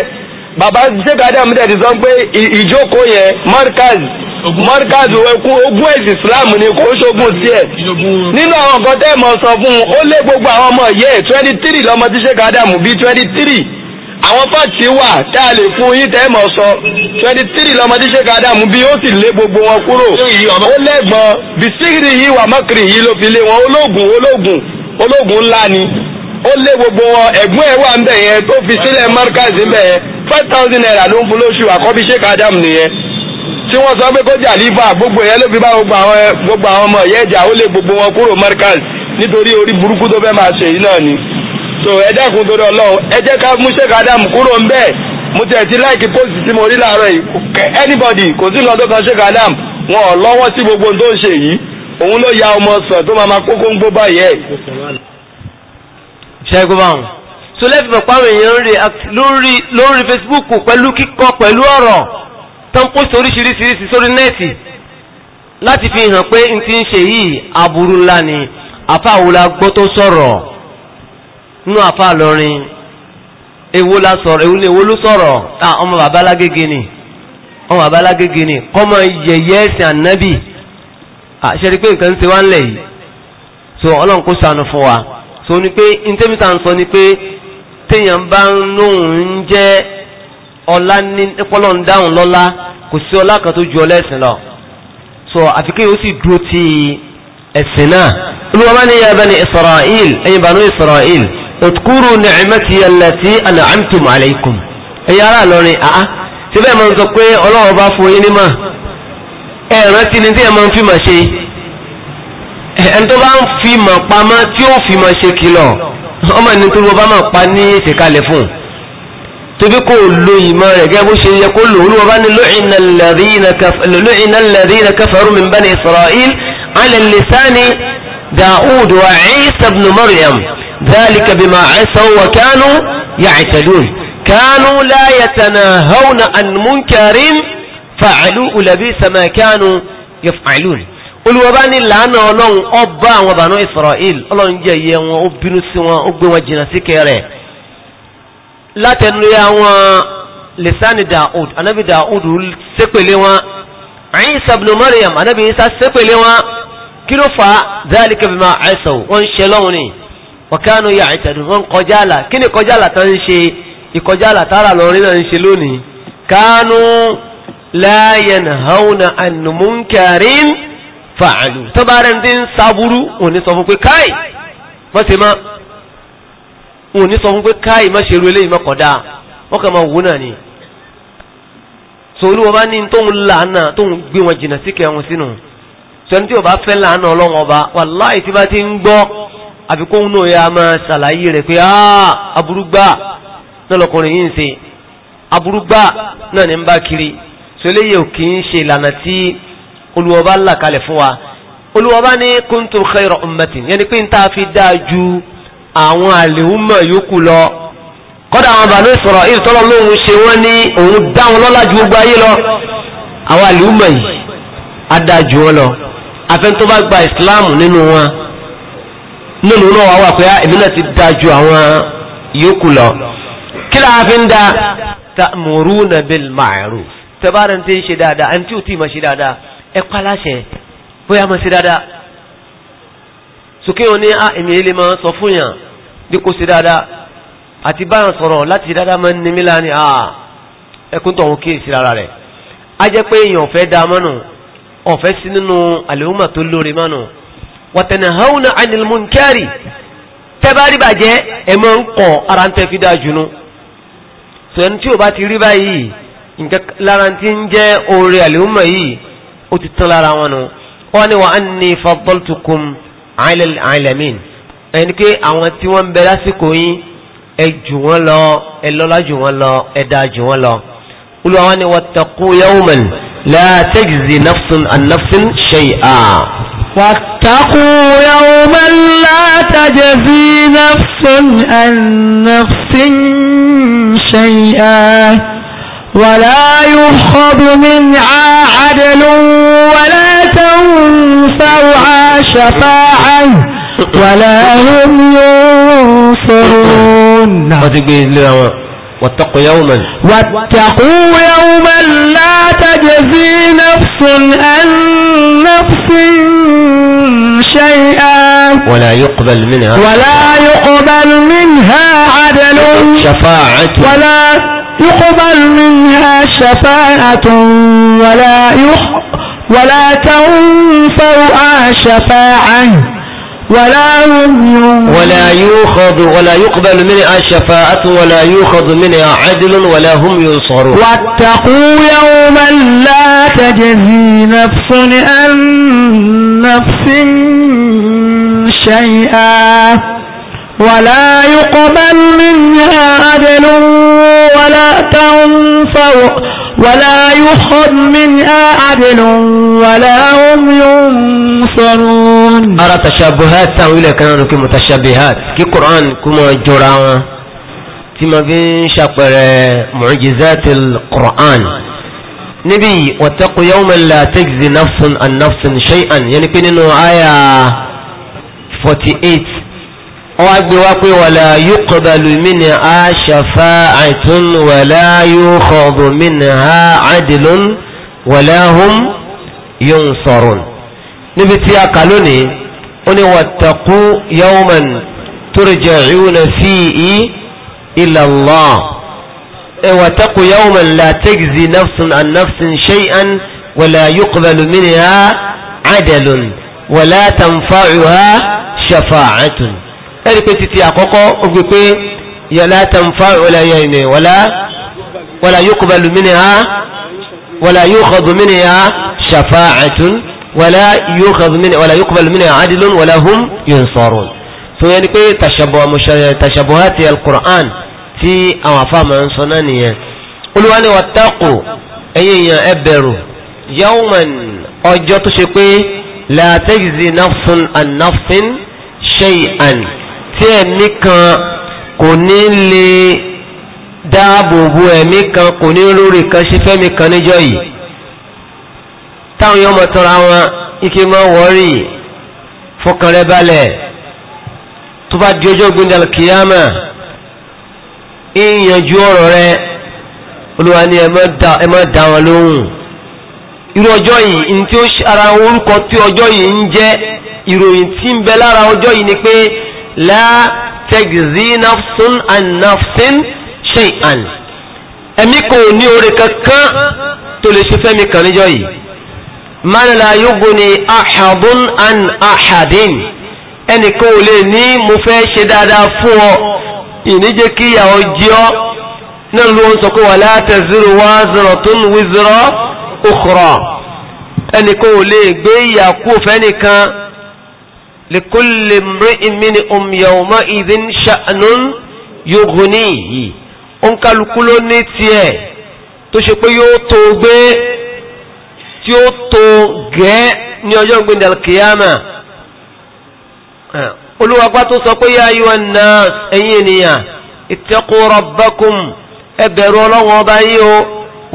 bàbá sèkè adamu tẹ̀ ti sọ pé ìjókòó yẹn markaz markaz ogun èsì islam ni kò ṣogun tiẹ̀ nínú àwọn nǹkan tẹ́ mọ̀ sọ fún un ó lé gbogbo àwọn ọmọ yẹ twenty three lọmọ tí sèkè adamu bíi twenty three àwọn fáàtì wà tá a lè fún yín tẹ́ mọ̀ sọ twenty three lọmọdé ṣẹ́ka ádámù bí ó sì lé gbogbo wọn kúrò ó lẹ́gbọ̀n bisikiri yìí wà mọ́kiri yìí ló fi lé wọn ológun ológun ológun ńlá ni ó lé gbogbo wọn ẹ̀gbọ́n ẹ̀ wà ń bẹ̀ yẹn tó fi sílẹ̀ mọ́rkàzì ń yẹn five thousand naira ló ń fún lóṣù àkọ́bí ṣẹ́ka ádámù nìyẹn tí wọ́n sọ pé kó jà lífà gbogbo yẹn ló fi bá gbogbo àwọn ọmọ yẹn jà ó lé gbogbo wọn kúrò mọ́rkàzì nítorí orí burúkú tó fẹ́ máa ṣe yìí náà ni so ẹ dákun torí ọlọ́run ẹ jẹ́ ká mú sẹ́ka kúrò ń bẹ́ẹ̀ mo tẹ̀ ti láìkí pósìtì tí mo rí láàárọ̀ yìí anybody kò sí lọ́dọ̀ kan sẹ́ka adam wọn ò lọ́wọ́ sí gbogbo tó ń ṣe yìí òun ló ya ọmọ sàn tó máa ma kókó ń gbó báyìí ẹ̀. ṣẹ́gun báwọn so lẹ́fì pẹ̀pẹ́ àwọn èèyàn lórí lórí Facebook pẹ̀lú kíkọ pẹ̀lú ọ̀rọ̀ tó ń pósìtì oríṣiríṣiríṣi sórí nẹ́ẹ̀tì láti fi hàn pé n ti ń ṣe yìí aburú ńlá ni àfáwọlá gbọ́ tó sọ̀rọ̀ nínú àfa lọrin ewo la sọ̀rọ̀ ewu ni ewo ló sọ̀rọ̀ ta ọmọ bàbá alágége ni ọmọ bàbá alágége ni kọmọ yẹyẹ ẹsìn ànábì àṣẹrí pé nǹkan ń ṣe wá ńlẹ̀ yìí so Ọlọ́run kó sànù fún wa so ni pé ntẹ́mítà ń sọ ni pé téèyàn bá ń lóhùn ń jẹ́ ọlá ní pọ́lọ́ ń dáhùn lọ́lá kò sí ọlá kan tó ju ọlá ẹ̀sìn lọ so àfi kéèyàn ó sì dúró ti ẹ̀sìn náà olùwàmánìyà bani Israel ẹ̀yin bànú Israel òtkúrú nìcímẹ́tì ẹlẹ́tì an'amtum alaykum ẹ̀yà ara lọ́rin àá tí bẹ́ẹ̀ máa ń sọ pé ọlọ́wọ́ bá fún yín ní mà ẹ̀ rántí ni tí ẹ̀ máa ń fi mà ṣe ẹ̀ ń tó bá ń fi mà pamọ́ tí ó fi mà ṣe kìlọ̀ ọmọ ẹni tó bá mà pa ní ìṣèkalẹ̀ fún tóbi kò lo ìmọ̀ rẹ̀ gẹ́gẹ́ bó ṣe yẹ kó lò olúwa bá ní lu'ina alladhina kafaru min bani isra'il ala lisani daud wa isa ibn maryam. ذلك بما عصوا وكانوا يعتدون كانوا لا يتناهون عن منكر فعلوا لبيس ما كانوا يفعلون قل وباني لان اولون اوبا وبانو اسرائيل اولون جاي و اوبينو سوا اوغو وجنا سيكيره لا تنيا و لسان داود النبي داود سيكلي و عيسى ابن مريم النبي عيسى سيكلي و كيلوفا ذلك بما عصوا وان شلوني wọ̀kánú yà ìtẹ̀dù wọn kọjá àlà kí ni kọjá àlà tó ń ṣe ìkọjá àlà tára lọ́rin náà ń ṣe lónìí kánú láyẹn haúnà ànùmúnkẹrin fàálù tó bá rẹ̀ ti ń sábúrú òun ní sọ fún pé káì mọ́ ti má òun ní sọ fún pé káì má ṣe ru eléyìí má kọ̀dá wọ́n kàn máa wù náà ni sòrí wọn bá ní tóun làánà tóun gbé wọn jìnnà síkẹ́ wọn sínú sọ ní tí o bá fẹ́ làánà ọlọ́wọ́n ọba wàláì tí bá ti ń gbọ́ àfikún náà yà máa ṣàlàyé rẹ̀ pé áà aburúgbà náà lọkùnrin yìí ń ṣe aburúgbà náà ní ń bá kiri tó léyè kì í ṣe ìlànà tí olùwọba là kalẹ̀ fún wa olùwọba ní kuntum khayra ummatin yẹn ni pé n ta fi dáa ju àwọn àlèhùnmọ̀ yòókù lọ kọ́dà àwọn bàánú sọ̀rọ̀ ìtọ́lọ́ lóhun ṣe wọ́n ní òun dá wọn lọ́lá ju gbogbo ayé lọ àwọn àlèhùnmọ̀ yìí á wọn lọ afẹ́ntó bá gba ìsìláàmù nínú wọn lónìí náà wà wà pé ẹbí ah, náà ti da ju àwọn yòókù lọ kí láà fi ń da ta'muruna bil ma'ruf tẹ́bára ti ń ṣe dáadáa ẹni tí ò tí ì máa ṣe dáadáa ẹ pa láṣẹ bóyá máa ṣe dáadáa sókè wọn ní ah, èmi ilé máa sọ fún yàn bí kò ṣe dáadáa àti báyàn sọ̀rọ̀ láti dáadáa máa ń ní mílá ni ẹkún tó ń kíyèsí ara rẹ̀ á jẹ́ pé èèyàn ọ̀fẹ́ da mọ́nù ọ̀fẹ́ sí nínú àlèhùnmà wàtẹ̀nàhánà ànìlmùnkẹ́rì tẹ́bárí bàjẹ́ ẹ̀mọ́ ń kọ̀ ara ń tẹ́ fi dá jùnú tẹ̀n tí ò bá ti rí báyìí nǹkan lára tí ń jẹ́ oore àlèhùnmọ̀ yìí ó ti tán lára wọn nu wọ́n ní wa anni faddaltukum ẹni pé àwọn tí wọ́n ń bẹ lásìkò yín ẹ jù wọ́n lọ ẹ lọ́lá jù wọ́n lọ ẹ dáa jù wọ́n lọ olùwà wọn ni wattaqu yawman la tajzi واتقوا يوما لا تجزي نفس عن نفس شيئا ولا يخض منها عدل ولا تنفع شفاعة ولا هم ينصرون نعم. واتقوا يوما واتقوا يوما لا تجزي نفس عن نفس شيئا ولا يقبل منها ولا يقبل منها عدل شفاعة ولا يقبل منها شفاعة ولا يح ولا تنفع شفاعة ولا ولا يؤخذ ولا يقبل منها شفاعة ولا يؤخذ منها عدل ولا هم ينصرون واتقوا يوما لا تجزي نفس عن نفس شيئا ولا يقبل منها عدل ولا تنفع ولا يخذ منها عدل ولا هم ينصرون أرى تشابهات تأويل كانوا متشابهات كي قرآن كما جرى فيما بين شقر معجزات القرآن نبي واتقوا يوما لا تجزي نفس عن نفس شيئا يعني كننو آية 48 wọ́n wá gbé wá pé wàlá yuqbalu minha shafa'atun wàlá yukhadhu minha 'adlun wàlá hum yunsarun níbi tí a kà lónìí ó ní wattaqu yawman turja'una fihi ila Allah wattaqu yawman la tajzi nafsun an nafsin shay'an wàlá yuqbalu minha 'adlun wàlá tanfa'uha shafa'atun ẹ̀rí pé títí àkọ́kọ́ ó fi pé yàrá tàǹfà wala yẹ̀mẹ̀ wala wala yuqbalu minha wala yukhadhu minha shafa'atun wala yukhadhu minha wala yuqbalu minha 'adlun wala hum yunsarun. tó yẹ ni pé tashabuhati al-Qur'an tí àwọn afáàmà ń sọ náà nìyẹn olúwa ni wattaqu ẹ̀yin èèyàn ẹ bẹ̀rù yawman ọjọ́ tó ṣe pé la tajzi nafsun an nafsin shay'an tí ẹ̀mí kan kò ní lè dáàbò bo ẹ̀mí kan kò ní lórí kan ṣe fẹ́mi kan níjọ́ yìí táwọn yọmọ tọra wọn ike mọ wọrí fọkàn rẹ balẹ̀ tó bá di ọjọ́ gbendal kìyàmà ìyànjú ọ̀rọ̀ rẹ olúwa ni ẹ má dá wọn lóhùn irú ọjọ́ yìí ní tí ó ara orúkọ tí ọjọ́ yìí ń jẹ́ ìròyìn tí ń bẹ lára ọjọ́ yìí ni pé la tagzi nafsun an nafsin shay'an ẹ̀mí kan ò ní oore kankan tó lè ṣe fẹ́mi kan níjọ́ yìí man la yughni ahadun an ahadin ẹnìkan ò lè ní mo fẹ́ ṣe dáadáa fún ọ ìníjẹ́ kí ìyàwó jí ọ náà ló ń sọ pé wala taziru waziratun wizra ukhra ẹnìkan ò lè gbé ìyà kú òfẹ́ nìkan لكل امرئ منهم يومئذ شأن يغنيه òǹkàlùkù ló ní tiẹ̀ tó ṣe pé yóò tó gbé tí ó tó gẹ́ ní ọjọ́ ìgbìndà alkiyama olúwapá tó sọ pé ya ayyuhan nas ẹ̀yin ènìyàn ittaqu rabbakum ẹ bẹ̀rù ọlọ́wọ́n ọba yìí o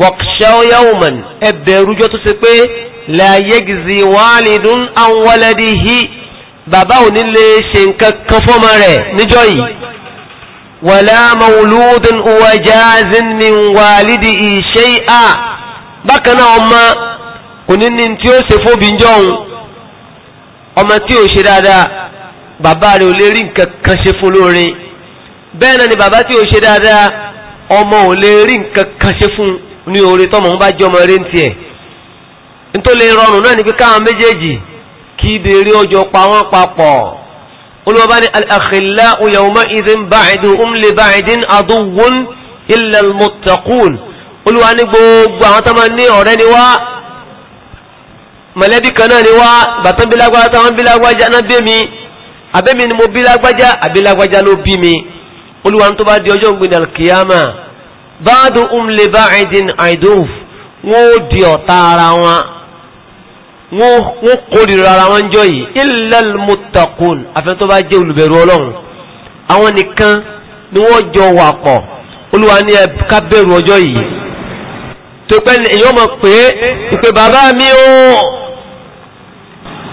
wakhshaw yawman ẹ bẹ̀rù ọjọ́ tó ṣe pé la yajzi walidun an waladihi bàbá ò ní lè ṣe nǹkan kan fọ́mọ rẹ̀ níjọ́ yìí wàlá mawulúdin wàjáàzin min wàlídìí shay'a bákan náà ọmọ kò ní ní tí ó ṣe fóbi jọun ọmọ tí ò ṣe dáadáa bàbá rẹ̀ ò lè rí nǹkan kan ṣe fún lóore bẹ́ẹ̀ náà ni bàbá tí ò ṣe dáadáa ọmọ ò lè rí nǹkan kan ṣe fún ní oore tọmọ ń bá jọmọ eré ń tiẹ̀ nítorí rọrùn náà ni pé káwọn méjèèjì kí ìbèrè ọjọ́ pa wọ́n papọ̀ olùwọ́bá ní al-akhillau yawma'idhin ba'duhum li ba'din aduwwun illa al-muttaqun olùwà ní gbogbo àwọn tó máa ní ọ̀rẹ́ ni wá mọ̀lẹ́bí kan náà ni wá bàtán bí lágbájá táwọn náà bí mi àbẹ́mi ni mo bí lágbájá ló bí mi olùwà ní tó bá di ọjọ́ ìgbìn al-qiyama ba'duhum li ba'din aduwwun wọ́n ó di ọ̀tá ara wọn wọ́n kórìíra ara wọn jọ yìí illal muttaqun àfẹ́ tó bá jẹ́ olùbẹ̀rù ọlọ́run àwọn nìkan ni wọ́n jọ wà pọ̀ olúwa ní ẹ̀ka bẹ̀rù ọjọ́ yìí tó pẹ́ ní èyí ọmọ pé ìpè bàbá mi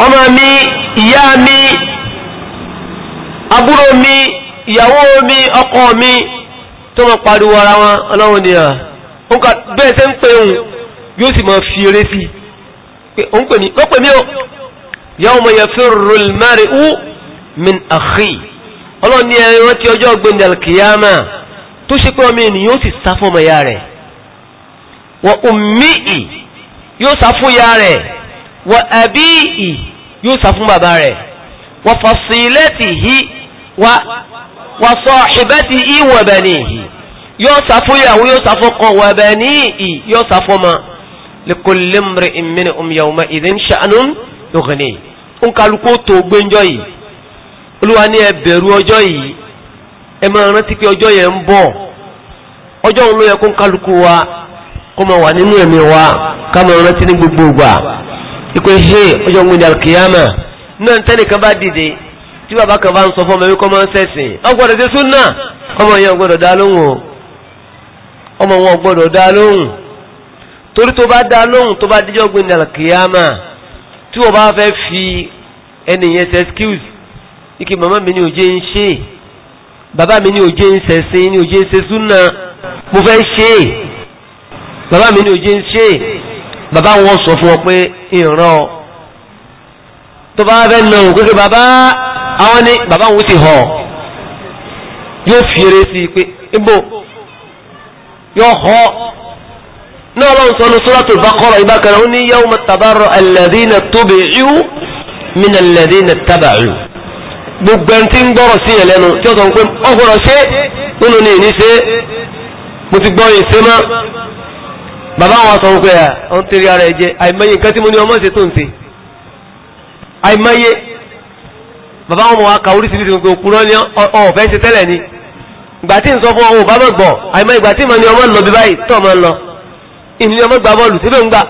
ọmọ mi ìyá mi àbúrò mi ìyàwó mi ọkọ mi tó mọ pariwo ara wọn ọlọ́run ni à bẹ́ẹ̀ sẹ́ ń pé òun yóò sì mọ fi eré sí i òun pè mí ó pè mí o yawma yafirru al-mar'u min akhi ọlọ́ni ẹran tí ọjọ́ gbẹ̀ndẹ̀ alkiyama tó ṣe pé ọmọ ènìyàn ó sì sá fún ọmọ ya rẹ̀ wa ummi'i yóò sá fún ya rẹ̀ wa abi'i yóò sá fún bàbá rẹ̀ wa fasilatihi wa sahibatihi wa banihi yóò sá fún ìyàwó yóò sá fún kan wa banihi yóò sá fún ọmọ likulli imri'in minhum yawma idhin sha'nun yughni ń kálukó tó gbéńjọ́ yìí olúwa ní ẹ bẹ̀rù ọjọ́ yìí ẹ máa rántí pé ọjọ́ yẹn ń bọ̀ ọjọ́ òun ló yẹ kó ń kálukú wa kó máa wà nínú ẹ̀mí wa ká máa rántí ní gbogbo ìgbà ìpè he ọjọ́ òun ní alkiyama náà ń tẹ́nìkan bá dìde tí bàbá kan bá ń sọ fún ọmọ ẹ̀mí kọ́ máa ń sẹ̀sìn ọgbọ́dọ̀ ṣe súnà ọmọ yẹn ọgbọ́dọ̀ dá lóhùn ọmọ wọn ọgbọ́dọ̀ dá lóhùn torí tó bá dá lóhùn tó bá díjọ́ gbin alkiyama tí wọ́n bá fẹ́ fi ẹni yẹn ṣe skills ike màmá mi ni òjé ń ṣe bàbá mi ni òjé ń ṣẹ̀sìn ni òjé ń ṣe súnà mo fẹ́ ṣe bàbá mi ni òjé ń ṣe bàbá wọn sọ fún ọ pé ìran tó bá fẹ́ nà òun kékeré bàbá àwọn ni bàbá wọn ti họ yóò fi eré sí i pé ibo yóò họ náà lọ́n sọ ní suratul Baqara ìbákan náà ó ní yawma tabarra alladhina tubi'u min alladhina taba'u gbogbo ẹni tí ń gbọ́rọ̀ sí yẹn lẹ́nu tí ó sọ pé ọkùnrin ṣe nínú ní ìní ṣe mo ti gbọ́ yìí ṣe mọ́ bàbá àwọn sọ pé à ń tẹ̀lé ara ẹ̀ jẹ àìmọye nǹkan tí mo ní ọmọ ṣe tó ń ṣe àìmọye bàbá àwọn ọmọ ìnìyàn ọmọ gba bọ́ọ̀lù síbẹ̀ ń gbà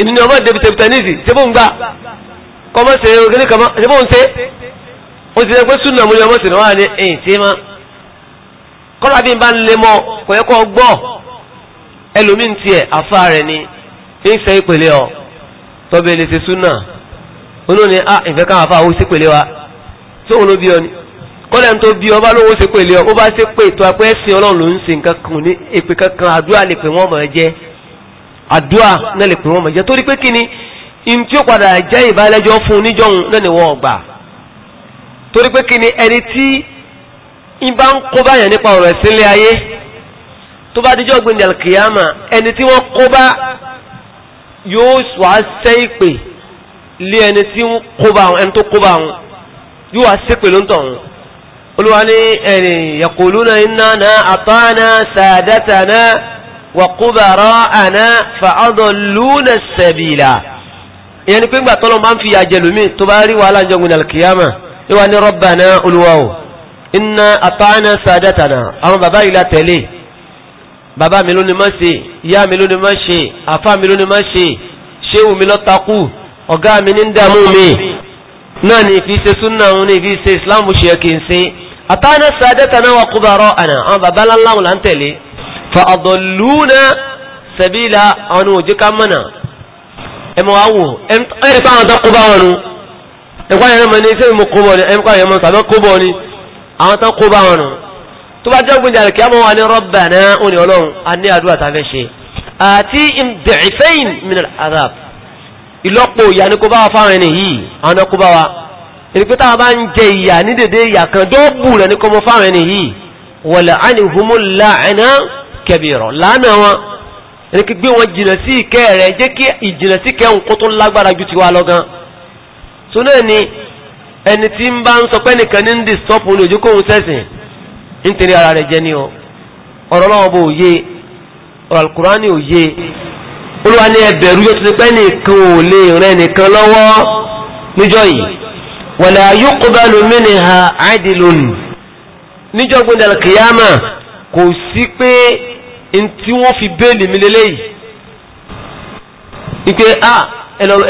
ìnìyàn ọmọ débi tẹ̀bi tẹ̀nísì síbẹ̀ ń gbà kọ́mọ́ ṣe kíní kọ́mọ́ síbẹ̀ ń ṣe ó ti sẹ́ pé súnà mú yọmọ́ sí ni wọ́n á ní ẹ̀yìn tí ma kọ́lá bí n bá ń lé mọ́ kò yẹ kó gbọ́ ẹlòmíín tiẹ̀ afá rẹ̀ ni ń ṣe ìpele ọ tọ́bẹ̀ lè ṣe súnà olóòní à ìfẹ́ káwọn afá ó sì pèlè wa tí òun ló bí ọ ni kọ́lẹ̀ tó bí ọba lówó ṣe pèlè ọ ó bá ṣe pé ètò apẹ́ ẹ̀sìn ọlọ́run ló ń ṣe nǹkan ní èpè kankan àdúrà lè pè wọ́n mọ̀ ẹ́ jẹ́ àdúà náà lè pè wọ́n mọ̀ jẹ́ torí pé kí ni in tí ó padà jẹ́ ìbálẹ́jọ́ fún oníjọ́hun náà ni wọ́n gbà torí pé kí ni ẹni tí ń bá ń kó báyàn nípa ọ̀rọ̀ ìsínlé ayé tó bá díjọ́ gbé ní alkiyama ẹni tí wọ́n kó bá yóò wá sẹ́ ìpè lé ẹni tí ń kó bá ẹni tó kó bá wọn yóò wá sẹ́ ìpè ló wọn olúwa ní ẹni yaquluna inna na ata'na sadatana. وقبراءنا فأضلون السبيل يعني كن بقى طلعوا من في أجلومي تباري وعلى جنون القيامة يواني ربنا ألواو إنا أطعنا سادتنا أما بابا إلى تلي بابا ملوني ماشي يا ملوني ماشي أفا ملوني ماشي شيو ملو تقو ọ̀gá mi ní ń dàmú mi náà ni fi ṣe súnà òun ni fi ṣe ìsìláàmù ṣe kí n ṣe àtàwọn ẹ̀sẹ̀ adẹ́ta náà wà kúbàárọ̀ àná àwọn bàbá ńláńlá wọn là ń tẹ̀lé fa adalluna sabila àwọn ni òjì ká mọ̀nà ẹ mọ̀ àwò ẹ rí fáwọn tán kó bá wọn nu ẹ̀kọ́ àyẹ̀rọ mọ̀ ní sẹ́yìn mo kó bọ̀ ni ẹ̀kọ́ àyẹ̀rọ mọ̀ sàbẹ̀ kó bọ̀ ni àwọn tán kó bá wọn nu tó bá jẹ́gun jàre kí a mọ̀ wà ní rabbana òní ọlọ́run a ní àdúrà tá a fẹ́ ṣe àti ìdẹ̀ẹ́fẹ́yìn min al ìlọ́pọ̀ ìyà ní kó wa fáwọn ẹni yìí àwọn ọkọ̀ bá wa ìrìkítà bá ń jẹ ìyà ní dédé ìyà kan dóòbù rẹ̀ ní kó fáwọn ẹni yìí wọ̀lẹ̀ ánìhùmúlà ẹ̀nà kẹbìrọ̀ lánàá wọn ẹni kí gbé wọn jìnà sí ìkẹ́ rẹ̀ jẹ́ kí ìjìnà sí ìkẹ́ òun kó tó lágbára ju tiwa lọ gan náà ni ẹni tí ń bá ń sọ pé nìkan ní ń dì stọ́pù ní ojú kóhun sẹ́sìn ń tẹ̀lé ara rẹ̀ jẹ́ ní ọ ọ̀rọ̀ ọlọ́wọ́ bó yé ọ̀rọ̀ alukurani ò yé olúwa ní ẹbẹ̀rú yóò ti pẹ́ nìkan ò lè rẹ nìkan lọ́wọ́ níjọ́ yìí wala yuqbalu minha adilun níjọ́ gbọ́dọ̀ kìyàmà kò sí pé n tí wọ́n fi béèlì mi lélẹ́yìí ipe a àwọn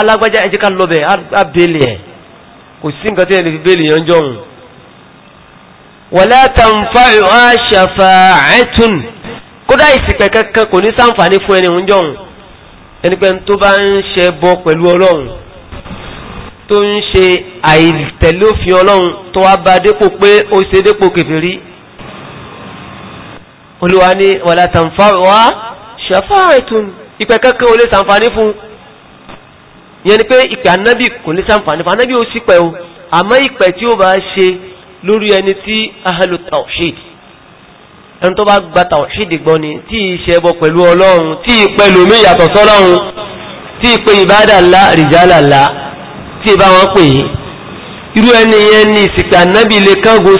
alágbájá ẹjẹ́ ká lọ́bẹ̀ á béèlì ẹ̀ kò sí nǹkan tí ẹni fi béèlì yẹn jọ̀hún. wala tanfa'u shafa'atun kódà ìsìnkẹ́ kankan kò ní sáǹfààní fún ẹni jọ̀hún ẹni pé tó bá ń ṣe bọ pẹ̀lú ọlọ́run tó ń ṣe àìtẹ̀lé òfin ọlọ́run tó wá ba dépò pé ó ṣe dépò kèfèrí olúwa ní wàlá tàǹfàwà ṣàfáàtún ìpẹ́ kankan ò lè sàǹfààní fún yẹn ni pé ìpẹ́ anábì kò lè sàǹfààní fún anábì ó sì pẹ́ o àmọ́ ìpẹ́ tí ó bá ṣe lórí ẹni tí ahlu tawhid ẹni tó bá gba tawhid gbọ́ ni tí ìṣe ẹbọ pẹ̀lú ọlọ́run tí ìpẹ́ lómi yàtọ̀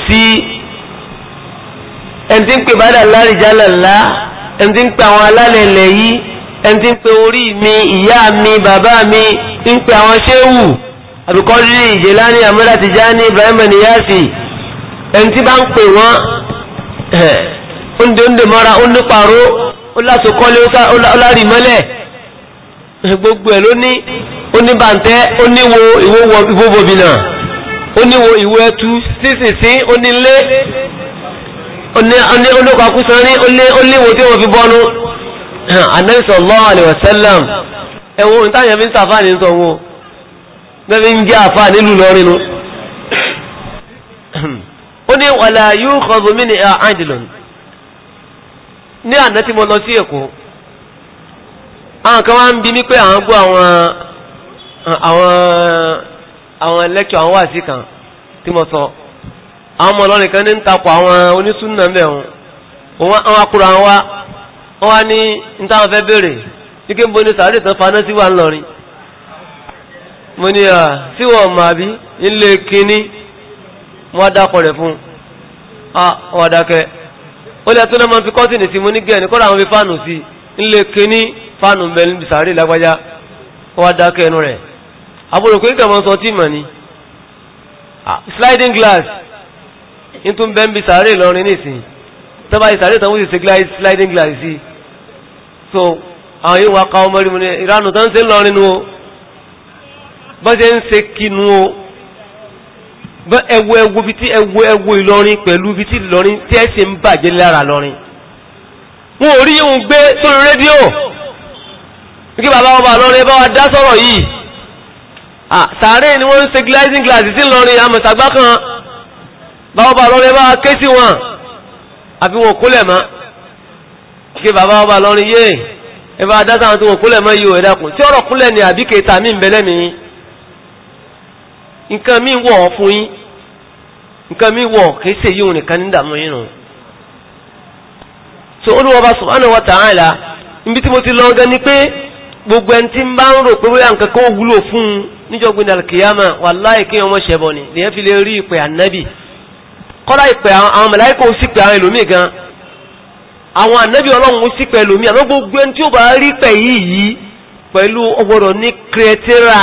ẹni tí ń pè bàdà lárìjálà ńlá ẹni tí ń pè àwọn alálẹ̀ ilẹ̀ yìí ẹni ń pè orí mi ìyá mi bàbá mi ń pè àwọn ṣéwù àbíkọ́dúrí ìjẹ̀lání àmọ́dá tìjáni ibrahim níyàsì ẹni tí bá ń pè wọ́n ondéondé mọ́ra ondépàró olásokọ́lé olárìmọ́lẹ̀ gbogbo ẹ̀ ló ní oníbàntẹ́ oníwo ìwọ́wọ́ ìwọ́bọ̀bìnà oníwo ìwọ́ ẹtú sísìsí onílé olóko akúsan ní oléwo tí wọ́n fi bọ́nu anabi sallallahu alaihi wasallam táyà fi ń sàfà ní sọ wọn bẹ́ẹ̀ ń jẹ́ àfà nílùú lọ́rin nu. ó ní wàlà yóò kọ́dùn mí ní àádìlọ́n ní àná tí mo lọ sí èkó àwọn kan ń bi mí pé àwọn gbọ́ àwọn àwọn àwọn àwọn wáàsí kan tí sọ. àwọn ọmọ ọlọ́rin kan ní ń takò àwọn onísúnnà ń bẹ̀ wọn àwọn akúrò àwọn wá wọ́n wá ní ní táwọn fẹ́ bèèrè ní kí n bo ní sàárè tán faná sí wà ń lọrin mo ní à tí wọ́n mà bí nílé kínní mo wá dákọ̀ rẹ̀ fún un à wọ́n dákẹ́ ó lẹ́yìn tó náà máa fi kọ́sìnì sí mo ní gẹ̀ẹ́ kọ́ra àwọn fi fáànù sí nílé kínní fáànù bẹ níbi sàárè lágbájá ó wá ẹnu rẹ̀ àbúrò pé kí kàmọ́ sọ tí mà ní sliding glass ní tó ń bẹ́ ń bi sàárè lọ́rin nísìnyí tọ́ba ìsàárè tán wọ́n sì ṣe sliding glass sí i so àwọn yìí wà ká ọmọ rí mu ní ìranù tó ń ṣe lọ́rin nu o bọ́n ṣe ń ṣe kinu o bọ́n ẹwo ẹwo bi tí ẹwo ẹwo Ìlọrin pẹ̀lú bi tí Ìlọrin tí ẹ ṣe ń bàjẹ́ lára lọ́rin wọn ò rí yíwọn gbé sórí rédíò kí bàbá wọn bá lọ́rin ẹ bá wa dá sọ̀rọ̀ yìí sàárè ni wọ́n ń ṣe glazing glass sí lọ́rin àmọ̀tàgbá kan. báwo bá lọrọ bá ké sí wọn àfi wọn kúlẹ̀ mọ́ kí bàbá ọba bá lọ́rin yé ẹ bá dá sáwọn tí wọn kúlẹ̀ mọ́ yìí ò tí ọ̀rọ̀ kúlẹ̀ ni àbí kẹta mi ń bẹ lẹ́mìí nǹkan mi wọ̀ fún yín nǹkan mi wọ̀ kì í ṣe nìkan ní yín so lọ gan ni gbogbo ẹni tí ń bá ń rò fún un níjọ́ wàláì kí wọ́n ni fi lè kọ́lá ìpè àwọn màláíkà ó sì pè àwọn ẹlòmíì gan àwọn ànábì ọlọ́run ó sì pè ẹlòmíì àmọ́ gbogbo ẹni tí ó bá rí pẹ̀ yìí yìí pẹ̀lú ọgbọ́dọ̀ ní kírẹ́tẹ́rà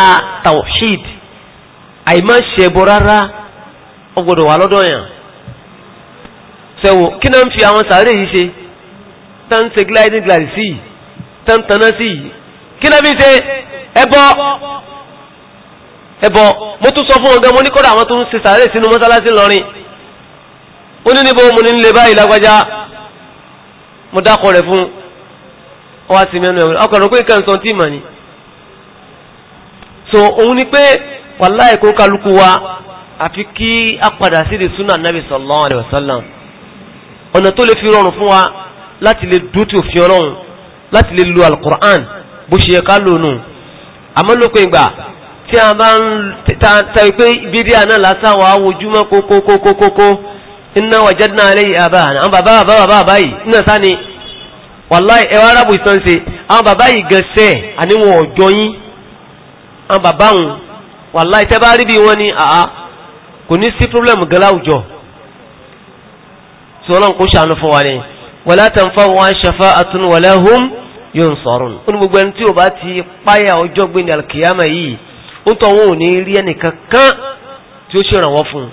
tawhid àìmọ́ ṣẹbọ rárá ọgbọ́dọ̀ wà lọ́dọ̀ yàn sẹ́wọ̀ kí náà ń fi àwọn sàárè yìí ṣe tá ń ṣe gliding glide sí yìí tá ń taná sí yìí kí náà fi ṣe ẹbọ ẹbọ mo tún sọ fún ọgá mo ní kọ́dọ̀ àwọn tó ń ṣe sàárè sínú mọ́sálásí lọ́rin ó ní níbo mo ní ń lè báyìí lágbájá mo dákọ̀ rẹ̀ fún ọwọ́ àti mẹ́nu ẹ̀wọ̀n ọkọ̀ rẹ̀ pé nǹkan sọ tí mà ní. so òun ni pé wàláì kó kálukú wa àfi kí a padà sí di sunnah nabi sallallahu alayhi wa sallam ọ̀nà tó lè fi rọrùn fún wa láti lè dútì òfin ọlọ́run láti lè lo alukur'an bó ṣe yẹ ká lò nù àmọ́ lópin ìgbà tí a bá ń ta pé bídíà náà lásán wàá wojúmọ́ kókókókókó iná wàjẹ́dínà alẹ́ àbá àwọn bàbá bàbá bàbá yìí iná sáni wàláì ẹwà arábù ìtàn ṣe àwọn bàbá yìí gẹ̀ẹ́sẹ̀ àníwọ̀n ọ̀jọ́ yín àwọn bàbá wọn wàláì tẹ́ bá rí bí wọ́n ní àá kò ní sí pírọ́blẹ̀mù gẹ́lá àwùjọ tí ọlọ́run kò ṣàánú fún wa ni wàlá tẹ̀ ń fọ́ wọn ṣẹfà àtúnú wàlá hum yunsarun ó ní gbogbo ẹni tí ò bá ti páyà ọjọ́ gbé alkiyama yìí ó tọ́ wọn ò ní rí ẹnìkan kan tí ó ṣèrànwọ́ fún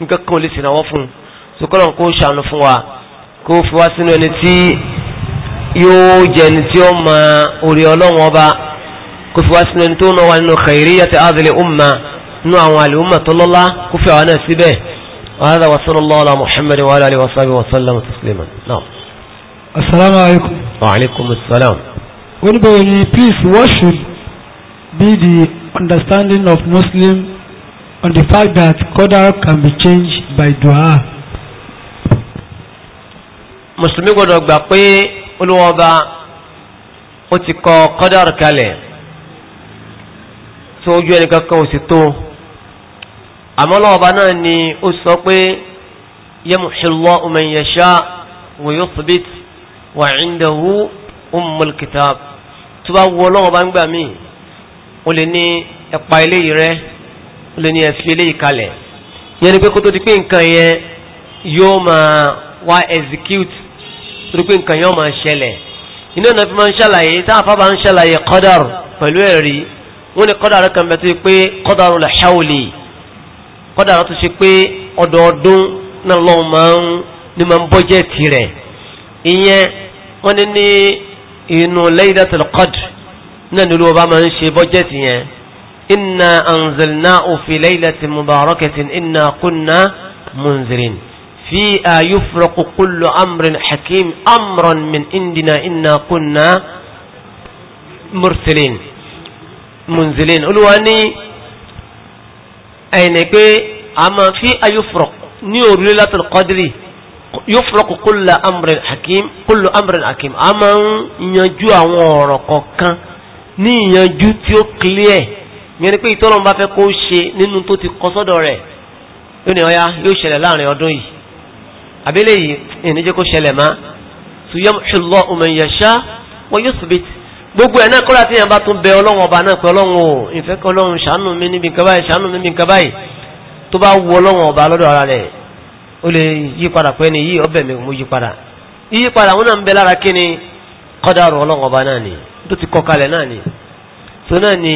un nǹkan kan ò lè ṣèrànwọ́ fún un sukọlọ̀ kó ṣàánú fún wa kó fi wá sínú ẹni tí yóò jẹ ẹni tí ó mọ orí ọlọ́wọ́n ọba kó fi wá sínú ẹni tó náà wà nínú khairiyati hadhihi umma nínú àwọn àlùmọ̀ tó lọ́lá kó fi àwọn náà síbẹ̀ وهذا وصلى الله على محمد وعلى اله وصحبه وسلم تسليما نعم السلام عليكم وعليكم السلام when we peace what should be the understanding of muslim on the fact that qadar can be changed by dua mùsùlùmí gbọdọ̀ gbà pé olúwọba ó ti kọ kọ́dàrú kalẹ̀ tó ojú ẹni kankan ò sì tó àmọ́ lọ́wọ́ba náà ni ó sọ pé yamhu Allahu man yasha wa yuthbit wa indahu ummul kitab tó bá wọ lọ́wọ́ba ń gbà míì ó lè ní ẹ̀pa eléyìí rẹ ó lè ní ẹ̀sìn eléyìí kalẹ̀ yẹn pé kó tó pé nǹkan yẹn yóò máa wá execute torí pé nǹkan yẹn máa ṣẹlẹ̀ iná náà fi máa ń ṣàlàyé tá àfa bá ń ṣàlàyé kọ́dàrú pẹ̀lú ẹ̀rí wọ́n ní kọ́dàrú kan bẹ̀ tó yẹ pé kọ́dàrú lè ṣáwòlì kọ́dàrú tó ṣe pé ọdọọdún náà lọ́wọ́ máa ń ní máa ń bọ́jẹ́ẹ̀tì rẹ̀ ìyẹn wọ́n ní ní inú Laylatul Qadr náà nílùú ọba máa ń ṣe bọ́jẹ́ẹ̀tì yẹn inna anzalnahu fi laylatin mubarakatin inna kunna munzirin. فيها يفرق كل أمر حكيم أمرا من عندنا إنا كنا مرسلين منزلين قلوا أني أين أما فيها يفرق نيور ليلة القدر يفرق كل أمر حكيم كل أمر حكيم أما ينجو ورق كان ni ìyànjú tí ó clear yẹn ni pé ìtọ́lọ́mù bá fẹ́ kó ṣe nínú tó ti kọ sọ́dọ̀ rẹ̀ yóò ní ọya yóò ṣẹlẹ̀ láàrin ọdún yìí àbẹ́lẹ̀ yìí ìníjẹ́ kó ṣẹlẹ̀ má tó yamhullahu man yasha wa yuthbit gbogbo ẹ̀ náà kọ́lá tí yẹn bá tún bẹ ọlọ́run ọba náà pé ọlọ́run o ìfẹ́ kọ́ ọlọ́run ṣàánú mi níbi nǹkan báyìí ṣàánú mi níbi nǹkan báyìí tó bá wu ọlọ́run ọba lọ́dọ̀ ara rẹ̀ ó lè yí padà pé ni yí ọbẹ̀ mi mo yí padà yí padà wọn náà ń bẹ lára kí ni kọ́dàrú ọlọ́run ọba náà ni tó ti kọ́ náà ni tó náà ni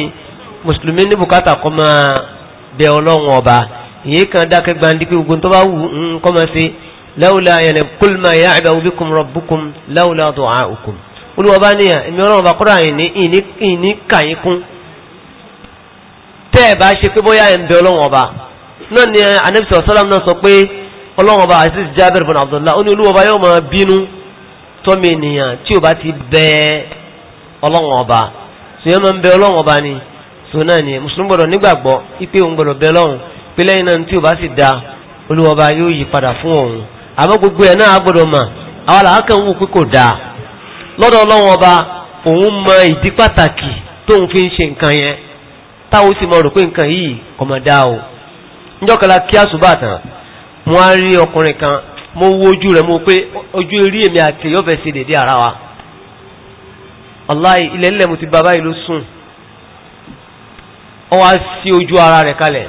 mùsùlùmí ní bùkátà kọ́ máa bẹ ọlọ́run ọba ìyẹn kan dákẹ́ gbandi gbogbo tó bá wù ń kọ́ máa ṣe لولا yẹlẹ كل ما يعبأ بكم ربكم لولا tó a òkùn olùwọ́bá níyà èmi ọlọ́run bá kúrò àyìn ní ìní kàyín kún tẹ́ ẹ̀ bá ṣe pé bóyá ẹ̀ ń bẹ ọlọ́run ọba náà ni anabisa ọ̀sọ́lá náà sọ pé ọlọ́run ọba aziz jabir bin abdullah ó ní olúwọ́ba yóò máa bínú tọ́mi ènìyàn tí ò bá ti bẹ ọlọ́run ọba sòyẹ́ máa ń bẹ ọlọ́run ọba ni sòun náà ni mùsùlùmí gbọ́dọ̀ nígbàgbọ́ ipe òun gbọ́dọ̀ bẹ ọlọ́run pé lẹ́yìn náà tí ò bá sì da olúwọ́ba yóò yí padà fún òun àmọ́ gbogbo ẹ̀ náà gbọ́dọ̀ mọ̀ àwọn làákàn ń pé kò dáa lọ́dọ̀ ọlọ́wọ́n ọba òun mọ ìdí pàtàkì tóun fi ń ṣe nǹkan yẹn táwọn sì mọ rò pé nǹkan yìí kò dáa o njọ́kọ̀lá kí àṣùbàtàn mo ọkùnrin kan mo wo ojú mo pé ojú eré èmi àti yọ̀fẹ́ ṣe ara wa ilẹ̀ ńlẹ̀ mo ti ló sùn ọ wá sí ojú ara kalẹ̀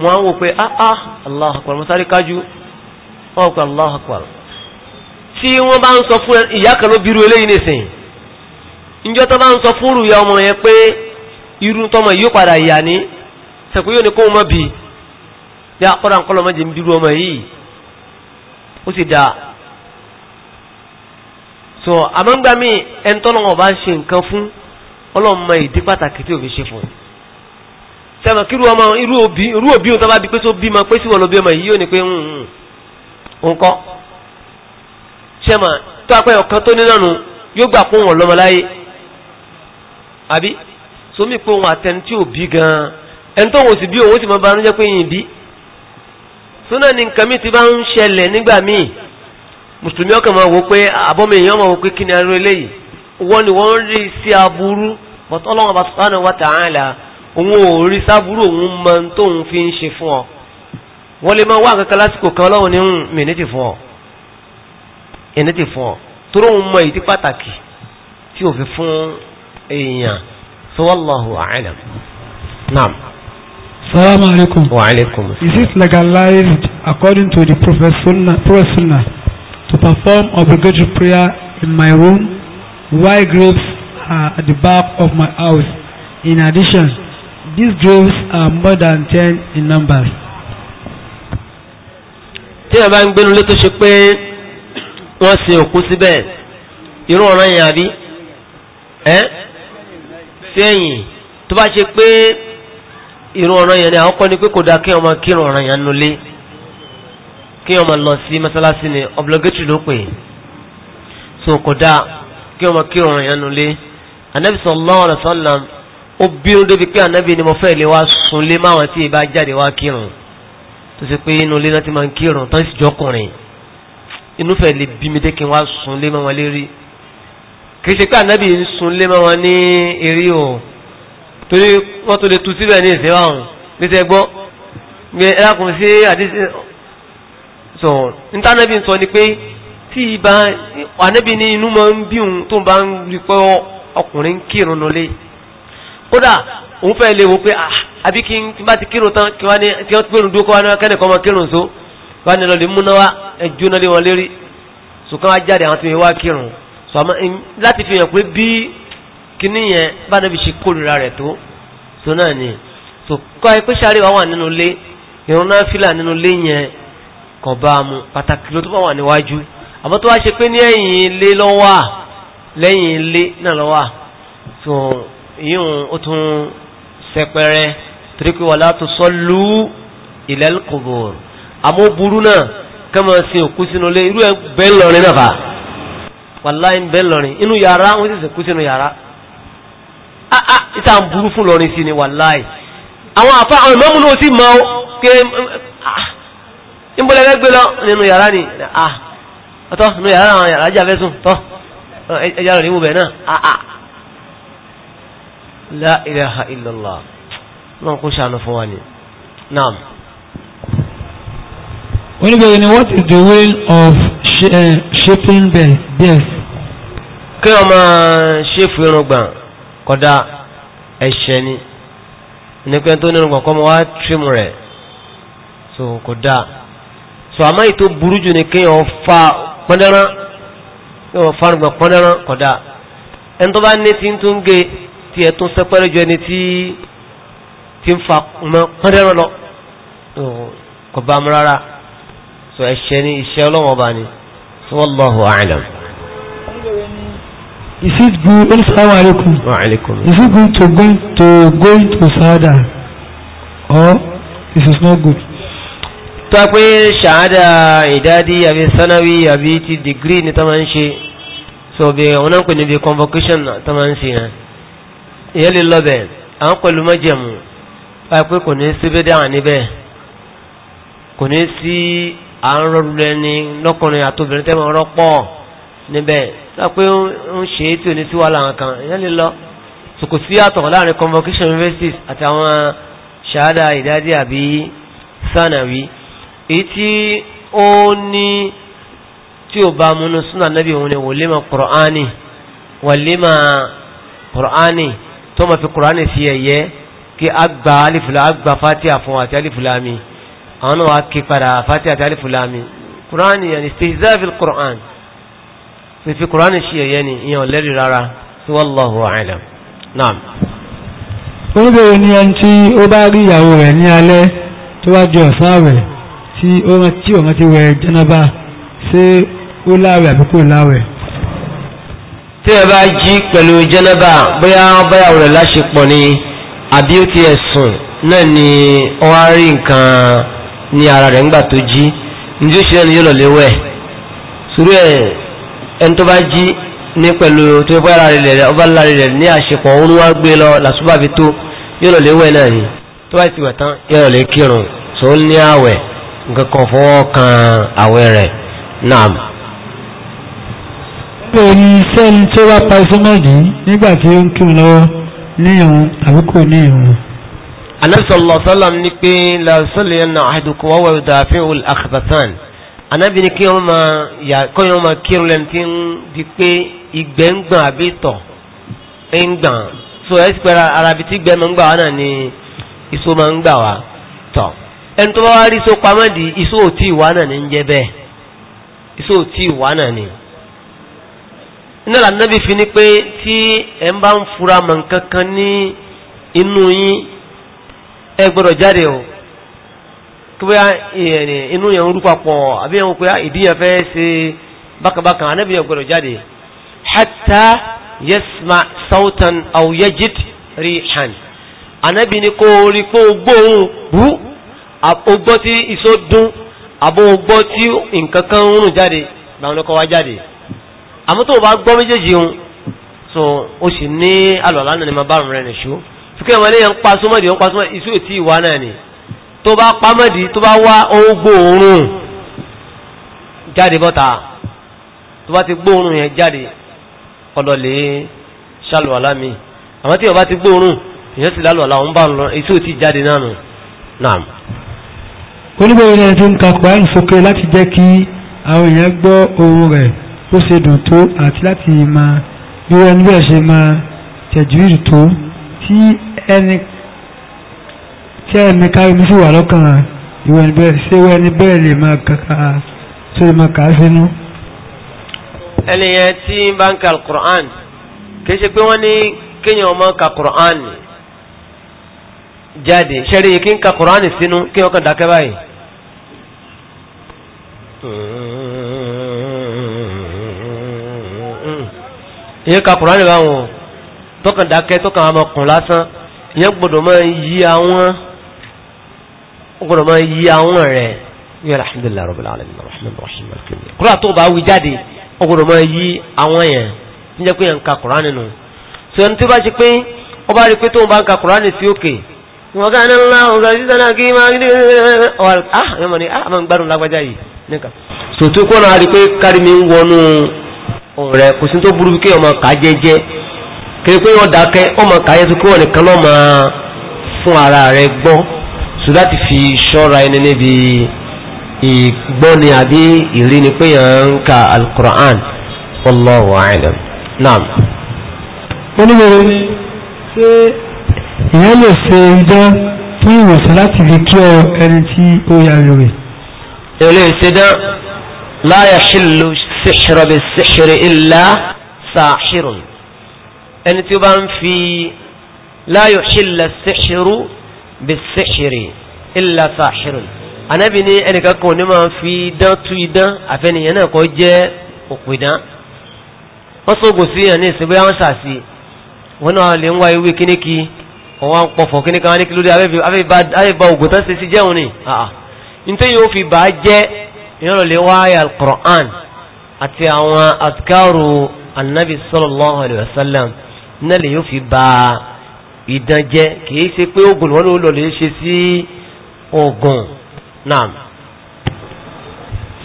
mo á wò pé ah ah allah sáré kájú wọn kọ Allahu Akbar tí wọ́n bá ń sọ fún ìyá kan ló bírú eléyìí nìsín ìjọ tó bá ń sọ fún rúyà ọmọ yẹn pé irú tọmọ yìí padà yà ní sẹ̀kú yóò ní kó mọ́ bí bí akọ́dà ń kọ́lọ́ mọ́jẹ̀ ń bírú ọmọ yìí ó sì dáa so àmọ́ngbà mi ẹni tọ́lọ́ wọn bá ń ṣe nǹkan fún ọlọ́mọ ìdí pàtàkì tí òfin ṣe fún un sẹ́mọ̀ kí irú òbí tó bá bí pé tó bímọ pé síwọ̀ lọ bí ọmọ yìí yóò ní pé ń hmm, hmm, hmm ńkọ́ ṣẹ́mà tó apẹ́ ọ̀kan tó ní nánu yóò gbà pé wọn lọ́mọláyé àbí sómi pé wọn àtẹni tí ò bí gan-an ẹni tó wọn sì bí òun sì mọ banújẹ́ pé yìí bí sónà ní nǹkan mi ti bá ń ṣẹlẹ̀ nígbà míì mùsùlùmí ọkàn máa wò pé àbọ̀mọ̀ èèyàn máa wò pé kí ni aró eléyìí wọ́n ni wọ́n rí sí aburú bọ́tọ́ ọlọ́run bá sọ́nà wa òun ò rí sáburú òun mọ tóun fi ń ṣe fún ọ wọ́n lè máa wá nǹkan lásìkò kan ọlọ́run ní hmm, mi ní ti fún ẹni ti fún tóró ń mọ ìdí pàtàkì tí ò fi fún èèyàn so wallahu naam. salaam alaikum. wa alaikum. is it legalized according to the prophet sunnah to perform obligatory prayer in my room while graves are at the back of my house in addition these graves are more than ten in numbers tí wọn bá ń gbénu lé tó ṣe pé wọn sin òkú síbẹ̀ irú ọ̀ràn yẹn àbí ẹ sẹ́yìn tó bá ṣe pé irú ọ̀ràn yẹn ni àwọn kọ́ ni pé kò dáa kí wọn máa kírun ọ̀ràn yẹn nulẹ̀ kí wọn máa lọ sí mọ́sálásí ni obligatory ló pè so kò dáa kí wọn kírun ọ̀ràn yẹn nulẹ̀ anabi sallallahu alaihi wasallam ó bínú débi pé anabi ni mo fẹ́ lè wá sunlé máwọn tí ì bá jáde wá kírun tó ṣe pé inú ilé náà ti máa ń kírun tán sì jọkùnrin inú fẹ́ lè bí mi dé kí n wá sun lé mọ́ wọn lérí kìí ṣe pé ànábì ń sun lé mọ́ wọn ní eré o torí wọ́n tó lè tu síbẹ̀ ní ìṣẹ́ ọ̀hún níṣẹ́ gbọ́ ní ẹlẹ́kùn sí àdíṣe sọ níta ànábì sọ ni pé tí ibà ànábì ní inú máa ń bí òun tó bá ń rí pé ọkùnrin ń kírun nulẹ̀ kódà òun fẹ́ lè wo pé ah àbí kí n bá ti kírun tán kí wọ́n ní kí wọ́n pèrún dúró kọ́ wọn kẹ́ni kọ́ ọmọ kírun so wọ́n ní lọ́lẹ̀ múná wá ẹjọ́ náà lé wọn lérí sùkán wá jáde àwọn tó yẹ wá kírun so àmọ́ láti fi hàn pé bí kíní yẹn bá níbi ṣe kórìíra rẹ̀ tó so náà ni so kọ́ ẹ pé sáré wa wà nínú ilé ìrún náà fìlà nínú ilé yẹn kàn bá a mu pàtàkì ló tó bá wà níwájú àmọ́ tó wá ṣe pé ní ẹ̀yìn ilé lọ́wọ́ lẹ́yìn ilé náà lọ́wọ́ so ìyún ó tún sẹpẹrẹ torí pé wala tusallu ilal qubur àmọ́ burú náà kẹ́mọ̀ sí òkú sínú lé irú ẹ̀ bẹ́ẹ̀ lọ́rin náà bá wàláì bẹ́ẹ̀ lọ́rin inú yàrá wọ́n sì sẹ́kú sínú yàrá áá ah, ah, ìta ń burú fún lọ́rin sí ni wàláì àwọn àfa àwọn ìmọ̀mù náà sì mọ́ ah, pé ìbọ̀lẹ́gbẹ́ gbé lọ nínú yàrá ni ọ̀tọ̀ nínú yàrá àwọn yàrá jà fẹ́ sùn tọ́ ẹja rẹ̀ níwò bẹ̀ náà áá la ilaha illallah náà kó ṣàánú fún wa ni naam. oníbẹ̀rẹ̀ ni what is the way of eh, shaping bears. kí wọ́n máa ṣèfù irùngbọ̀n kódà ẹ̀ṣẹ̀ ni nípa tó nínú gbọ̀n kọ́ mọ́ wá trim rẹ̀ so kò dáa so àmọ́ ètò burú jù ní kéèyàn fa pọ́ndẹ́rán kéèyàn fa gbọ̀n pọ́ndẹ́rán kò dáa ẹni tó bá ní tí ń tún gé tí ẹ̀ tún sẹ́pẹ́rẹ́ ju ẹni tí tí ń fa pọ́ndẹ́rán lọ kò bá mu rárá so ẹ̀ṣẹ̀ ni iṣẹ́ ọlọ́wọ́n bá ní so wallahu a'lam. Is it good? Assalamu alaikum. Wa alaikum. Is it good to go to going to Sada or is not good? Tó a pé àbí sanawi àbí ti dìgírì ni tá máa ń ṣe so bí wọn náà pè ní bí convocation tá máa ń ṣe yẹn. Ìyẹn lè lọ bẹ̀ àwọn pẹ̀lú májẹ̀mú báyìí pé kò ní sí bídíà níbẹ̀ kò ní sí àárọ̀lulẹ̀ ni lọ́kùnrin àtòbìnrin tẹ́ mọ̀ rọ́pọ̀ níbẹ̀ báyìí pé ń ṣe é tí ò ní sí wàhálà kan ìyẹn lè lọ sòkò sí àtọ̀ láàrin convocation universities àti àwọn ṣáádà ìdádì àbí sànàwí èyí tí ó ní tí ó bá múnú súnà nábì òun ni wòlímà kùrọ̀ánì wòlímà kùrọ̀ánì tó ma fi kùrọ̀ánì fi ẹ̀yẹ́ kí a gba alifula a gba fatiha fún àti alifula mi àwọn náà wà kí padà fatiha àti alifula mi kùránì yẹn ni stehzabil kùrán fífi kùránì ṣe ẹ̀yẹ ni ìyẹn ò rárá sí wallahu a'lam naam. wọ́n bẹ̀rẹ̀ ẹni tí ó bá rí ìyàwó rẹ̀ ní alẹ́ tó wá jọ ọ̀sán tí ó rántí òun ti wẹ̀ jẹ́nàbà ṣé ó láwẹ̀ àbí kò láwẹ̀. tí ẹ bá jí pẹ̀lú jẹ́nàbà bóyá báyàwó rẹ̀ láṣepọ̀ ni àbí ó ti ẹ̀sùn náà ni wọ́n á rí nǹkan ní ara rẹ̀ ńgbà tó jí ní ó ṣe náà ni yóò lọ léwẹ̀ sùúrù ẹ̀ ẹni tó bá jí ní pẹ̀lú tó bá ara rẹ̀ ọba lára rẹ̀ ní àṣepọ̀ òun wá gbé lọ làṣùbà fi tó yóò lọ léwẹ̀ náà ni tó bá ti wẹ̀ tán yóò lọ lé kírun tó ní àwẹ̀ nǹkan kan fọwọ́ kan àwẹ̀ rẹ̀ náà. pẹ̀lú iṣẹ́ ni tó bá pa iṣẹ́ méjì nígbà tí ó ń kírun lọ́wọ́ ní ìrun tàbí kò ní ìrun. anabi sallallahu alayhi wa sallam ní pé la yusalli yanna ahadukum wa huwa yudafi'u al-akhbathan anabi ní kí wọn máa yà kọ́ yẹn wọn máa kírun lẹ́nu tí ń di pé ìgbẹ́ ń gbọ̀n àbí tọ̀ ń gbọ̀n so ẹ̀ sì pẹ́ arabi tí gbẹ́ máa ń gbà wá náà ni iṣó máa ń gbà wá tọ̀ ẹni tó bá wá rí iṣó pamọ́ di iṣó òtí ìwá náà ní ń jẹ́ bẹ́ẹ̀ iṣó òtí ìwá náà ni iná la nábì fi ni pé tí ẹ ń bá ń fura mọ̀ nǹkan kan ní inú yín ẹ gbọ́dọ̀ jáde o kí bóyá inú yẹn ń rú papọ̀ àbí yẹn ń pé ah, ìdí yẹn fẹ́ ṣe bákàbákà anábì yẹn gbọ́dọ̀ jáde hatta yasma sautan aw yajid rihan anábì ni kó o rí pé o gbóhùn bú o gbọ́ tí iṣó dún àbó o gbọ́ tí nǹkan kan ń rùn jáde làwọn ọkọ̀ jáde àmọ́ tó o bá gbọ́ méjèèjì ń so o sì ní àlọ́lá náà ni máa bárùn rẹ̀ nìṣó fúkẹ́ ìwọ̀n eléyàn ń pa súnmọ́dì ó ń pa súnmọ́dì iṣu ètí ìwà náà ni tó bá pamọ́dì tó bá wá ó ń gbóòórùn jáde bọ́ta tó bá ti gbóòórùn yẹn jáde kọlọ lè ṣàlùwàlá mi àmọ́ tí o bá ti gbóòórùn ìyẹn sì lálùwàlá ó bá lọ iṣu ètí jáde náà nù náà. onígbòye náà tó ń ka pàrọ̀ láti jẹ́ kí àwọn èèyàn gbọ́ ohùn rẹ̀ bó ṣe dùn tó àti láti máa bí ẹni bẹ́ẹ̀ ṣe máa tẹ̀júwìrì tó tí ẹni tí ẹni kárí mi sì wà lọ́kàn ìwọ ẹni bẹ́ẹ̀ ṣé wọ́n ẹni bẹ́ẹ̀ lè máa kàkà tó lè máa kà á sínú. ẹni yẹn tí ń bá ń ka alukur'an kì í ṣe pé wọ́n ní kéèyàn ọmọ ka kur'an jáde ṣẹ́rí kí ń ka kur'an sínú kéèyàn kan dákẹ́ báyìí. ìyẹn ka kùránì bá wọn tọkàn dákẹ́ tọkàn àmọ́ kùn lásán ìyẹn gbọ́dọ̀ máa yí àwọn gbọ́dọ̀ máa yí àwọn rẹ̀ yíò alhamdulillah rabbil alamin rahman rahim alkemi kúrò tó bá wí jáde ó gbọ́dọ̀ máa yí àwọn yẹn tí jẹ́ pé yẹn ń ka kùránì nù tí wọ́n tí bá ṣe pé ó bá rí pé tó ń bá ń ka kùránì sí òkè wọ́n ká ní ńlá ọ̀gá sísá náà kí máa ní ọ̀hún ah yọmọ ni ah òun rẹ kò sí tó burú kí ọmọ kà á jẹ́jẹ́ kí pé wọ́n dákẹ́ ọmọ kà á yẹ kí wọ́n nìkan lọ́ máa fún ara rẹ gbọ́ so láti fi ṣọ́ra ẹni níbi ìgbọ́ni àbí ìríni pé yàn ń ka alukur'an wallahu a'lam naam. onímọ̀rẹ́ ṣé ìyẹn lè ṣe idán fún ìwòsàn láti lè kí ọ ẹni tí ó yà rẹ̀. èlé ìṣẹ̀dá la yahillu sihra bi sihri illa sahirun ẹni tí ó bá ń fi la yuhilla sihru bi sihri illa sahirun anabi ní ẹnìkan kan ní máa fi idán tú idán àfẹnìyàn náà kọ́ jẹ́ òpìdán wọ́n sọ́gùn sí yàn ní ìsinmi àwọn sàṣì wọn náà lè ń wá ewé kíníkì ọwọ́ ń pọ̀fọ̀ kíní kan ní kí lórí abẹ́bà ògùn tán ṣe sí jẹun ni àà ní tí yóò fi bàá jẹ́ ìyọ́nà lè wá ayà al-Qur'an àti àwọn àtikáàrò annabi sallallahu alaihi wasallam náà lè yóò fi ba ìdán jẹ́ kìí ṣe pé ogun wọn ló lọ ṣe sí ogun náà.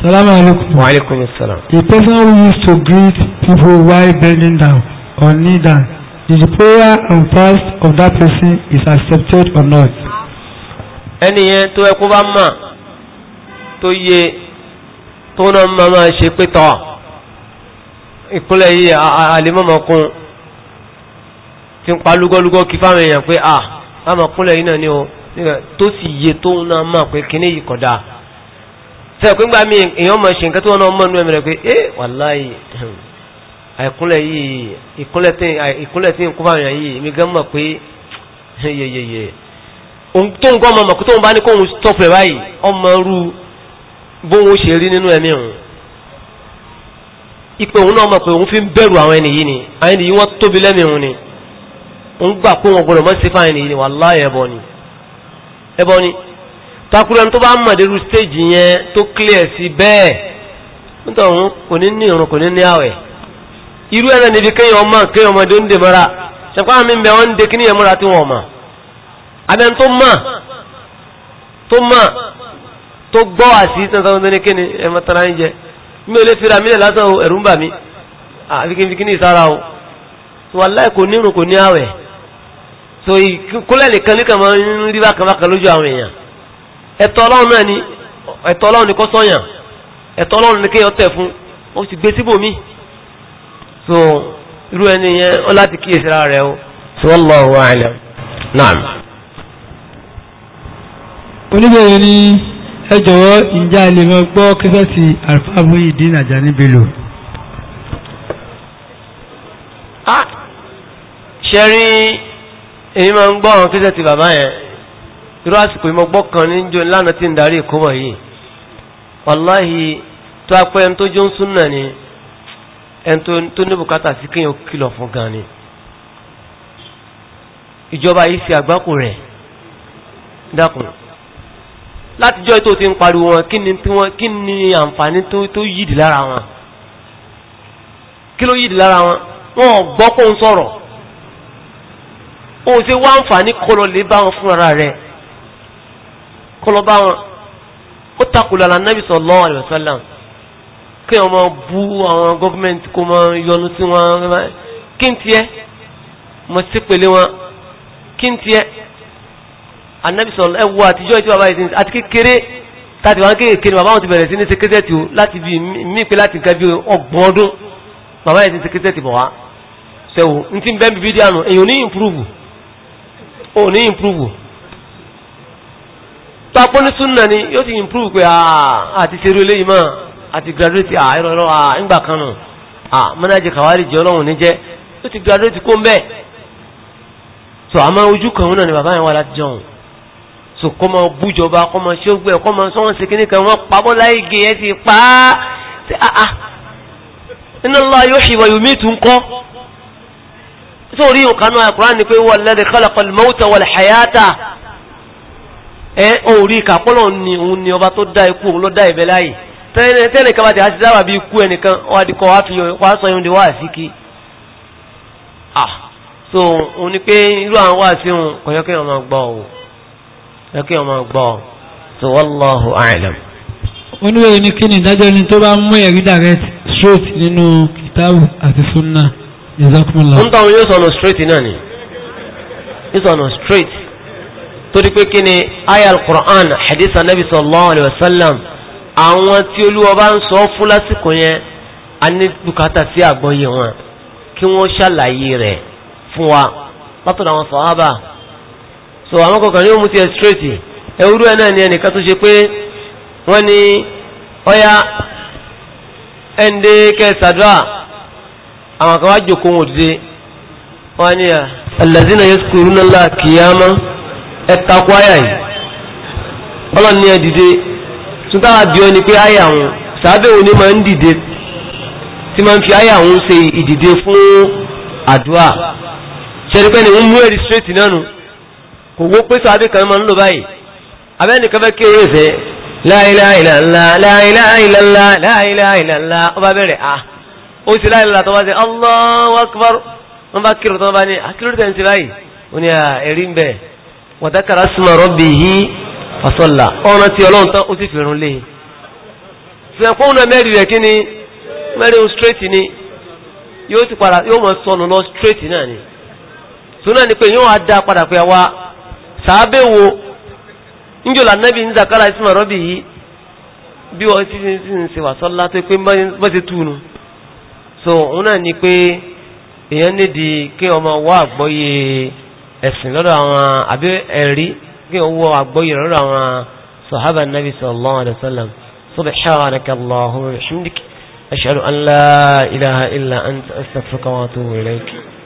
Salaam alaikum. Wa alaikum salam. The person who used to greet people while bending down or kneel down, is the prayer and fast of that person is accepted or not? Ẹni yẹn tó ẹkú bá mọ̀ tó yẹ tó náà máa máa ṣe pé tọ́ ìpínlẹ̀ yìí àlèmọ́mọ́kún ti ń pa lúgọ́lúgọ́ kí fáwọn èèyàn pé à láàmọ̀ kúnlẹ̀ yìí náà ni o tó sì yẹ tó ń náà máa pé kíní yìí kọ̀dá fẹ́ pé gbà mí èèyàn mọ̀ ṣe nǹkan tó wọn náà mọ̀ nú ẹ̀mí rẹ̀ pé ẹ wàláì àìkúnlẹ̀ yìí ìkúnlẹ̀ tí ń kú fáwọn èèyàn yìí mi gan mọ̀ pé yeyeye tó ń gbọ́ mọ̀ mọ̀ kó tó bá ní kóhun stop rẹ̀ báyìí ọmọ rú bóun ṣe rí nínú ẹ̀mí òun ipe òun náà mọ̀ pé òun fi ń bẹ̀rù àwọn ẹni yìí ni àwọn ẹni yìí wọ́n tóbi lẹ́mí òun ni òun gbà pé wọn gbọdọ̀ mọ́ sí fáwọn ẹni yìí ni wàláhì ẹbọ ni ẹbọ ni takuru ẹni tó bá mọ̀ dérú stéèjì yẹn tó clear sí bẹ́ẹ̀ nítorí òun kò ní ní irun kò ní ní àwẹ̀ irú ẹ̀rẹ́ níbi kéèyàn ọmọ kéèyàn ọmọdé ń dè mọ́ra ṣẹ̀pá mi ń bẹ wọ́n ń de kíníyàn mọ́ra tí wọ́n mọ̀ abẹ́ni tó mọ̀ tó mọ̀ tó gbọ́ àti tọ́tọ́ tó ní kíni ẹmọ tara ń jẹ mi ò lè fira mi lè lásán ẹ̀rù ń bà mí àfikínfikín ní ìsára o tó wallahi kò nírun kò ní àwẹ̀ tó ìkúlẹ̀ nìkan ní kàmá ń rí bákan bákan lójú àwọn èèyàn ẹ̀tọ́ ọlọ́run náà ni ẹ̀tọ́ ọlọ́run ni kò sọ̀yàn ẹ̀tọ́ ọlọ́run ni kéèyàn tẹ̀ fún ó sì gbé síbò mí tó irú ẹni yẹn ó láti kíyèsí ara rẹ o. wallahu a'lam. naam. oníbẹ̀rẹ̀ ni. ẹ jọ̀wọ́ ǹjẹ́ a lè mọ gbọ́ kífẹ́sì alfa Muyideen Ajani Bello. ṣe rí èyí máa ń gbọ́ àwọn kífẹ́sì bàbá yẹn irú àsìkò ìmọ̀ gbọ́ kan níjọ lánàá tí ń darí ìkómọ̀ yìí wàláhì tó apẹ́ ẹni tó jó ń ni ẹni tó ní bùkátà sí kéèyàn kìlọ̀ fún gan ni ìjọba yìí fi àgbákò látijọ́ tó ti ń pariwo wọn kí ni tí wọ́n kí ni àǹfààní tó yìdì lára wọn kí ló yìdì lára wọn wọn ò gbọ́ kó ń sọ̀rọ̀ o ṣe wá àǹfààní kọlọ lè bá wọn fúnra rẹ kọlọ bá wọn ó takùlọ àlà nàbì sallallahu alaihi kí wọn máa bú àwọn gọ́fìmẹ̀ntì kó máa yọnu sí wọn kí n tiẹ̀ mo ti pèlè wọn kí n tiẹ̀ anabi sọ̀rọ̀ ẹwọ àtijọ́ ìtí bàbá ìsìn àti kékeré tàbí wọn kéèké ni bàbá wọn ti bẹ̀rẹ̀ sí ní sekretẹ́tì o láti bí mí pé láti nǹkan bí ọgbọ̀n ọdún bàbá ìsìn sekretẹ́tì bọ̀ wá sẹ́wọ̀ n ti bẹ́ẹ̀ bíbí dànù èyàn ní ìmpúrúvù ò ní ìmpúrúvù tó apọ́ní ni yóò ti ìmpúrúvù pé àti ṣerú eléyìí mọ́ àti graduate àìrọ̀ ẹ̀rọ àìgbà kan nù mọ́nájì kàwárí jẹ́ ọlọ́run ní jẹ́ yóò graduate kó ń bẹ́ẹ̀ tó àmọ́ ni bàbá yẹn wà so kọ́ máa bújọba kọ́ máa ṣé gbẹ kọ́ máa sọ́wọ́n ṣèkínní kan wọ́n pamọ́ láyé gé ẹ ti pa á ṣe àà ah, ah. inna Allah yuhyi wa yumitu ńkọ́ sórí nǹkan náà Al-Qur'an ni pé huwa alladhi khalaqa al-mawta wal-hayata ẹ òòrí ìkàpọ́lọ̀ ni òun ni ọba tó dá ikú òun ló dá ìbẹ́ láyè tẹ́lẹ̀ kaba ti a ti dábàá bí ikú ẹnìkan wà á di kọ́ wá fi wá sọ yóò di wá àsìkí ah so òun ni pé irú àwọn wá sí òun kọ̀yọ́kẹ́ ọmọ gbọ́ òun ẹ kí ọmọ gbọ́ tó wallahu a'lam. oníwèé ní kíni ìdájọ́ ni tó bá mú ẹ̀rí direct straight nínú kìtàbù àti sunna jazakumullah. ń tàwọn yóò sọnù straight náà ni yóò sọnù straight torí pé kíni aya al-Qur'an hadith anabi sallallahu alayhi wa sallam àwọn tí olúwa bá ń sọ fún lásìkò yẹn a ní bùkátà sí àgbọ́yé wọn kí wọ́n ṣàlàyé rẹ̀ fún wa látọ̀dọ̀ àwọn sàhábà so àwọn kọkàn ní òmùtí ẹ straight ẹwúrú ẹ náà ni ẹnìkan tó ṣe pé wọ́n ní ọya ẹ̀ǹdẹ́ kẹsàdúrà àwọn kan wá jòkó wọn òdìdé wọ́n ní à alladhina yazkuruna Allaha qiyaman ẹ takú àyà yìí ọlọ́run ní ẹ dìde tún táwa bí ọ ni pé àyà wọn sàábẹ̀ òní máa ń dìde tí máa ń fi àyà wọn ṣe ìdìde fún àdúrà ṣẹ́ni pé ni wọ́n mú ẹ̀rí straight náà nù kò wó pé sọ́adé kan máa ń lò báyìí abẹ́nìkan fẹ́ kéwé ìfẹ́ láìláìlàlá láìláìlàlá láìláìlàlá wọ́n bá bẹ̀rẹ̀ à ah. ó ti láìláìlà tó bá ṣe Allahu akbar wọ́n bá kírò tó bá ní akírò ah, ń ti báyìí ó ní ah, ẹ̀rí ń bẹ̀ wa dhakara isma rabbihi fa salla ọ̀ràn ti ọlọ́run tán ó sì fìrún lé yóò ti padà yóò mọ̀ sọnù lọ straight náà ni tó ni pé yóò wá dá padà pé wa sàábẹ̀ wo níjọ́lá nẹ́bí ń zakara ìsìnmọ̀ rọ́bì yìí bí wọ́n ti ti ń ṣe wàsọ́lá tó pé so òun náà ni pé èèyàn di kí ọmọ wá àgbọ́yé ẹ̀sìn lọ́dọ̀ àwọn àbí ẹ̀rí kí wọ́n wọ àgbọ́yé lọ́dọ̀ àwọn sọ̀hábà nàbì sallallahu alaihi wasallam subhanaka allahumma wa bihamdika ashhadu an ilaha illa anta astaghfiruka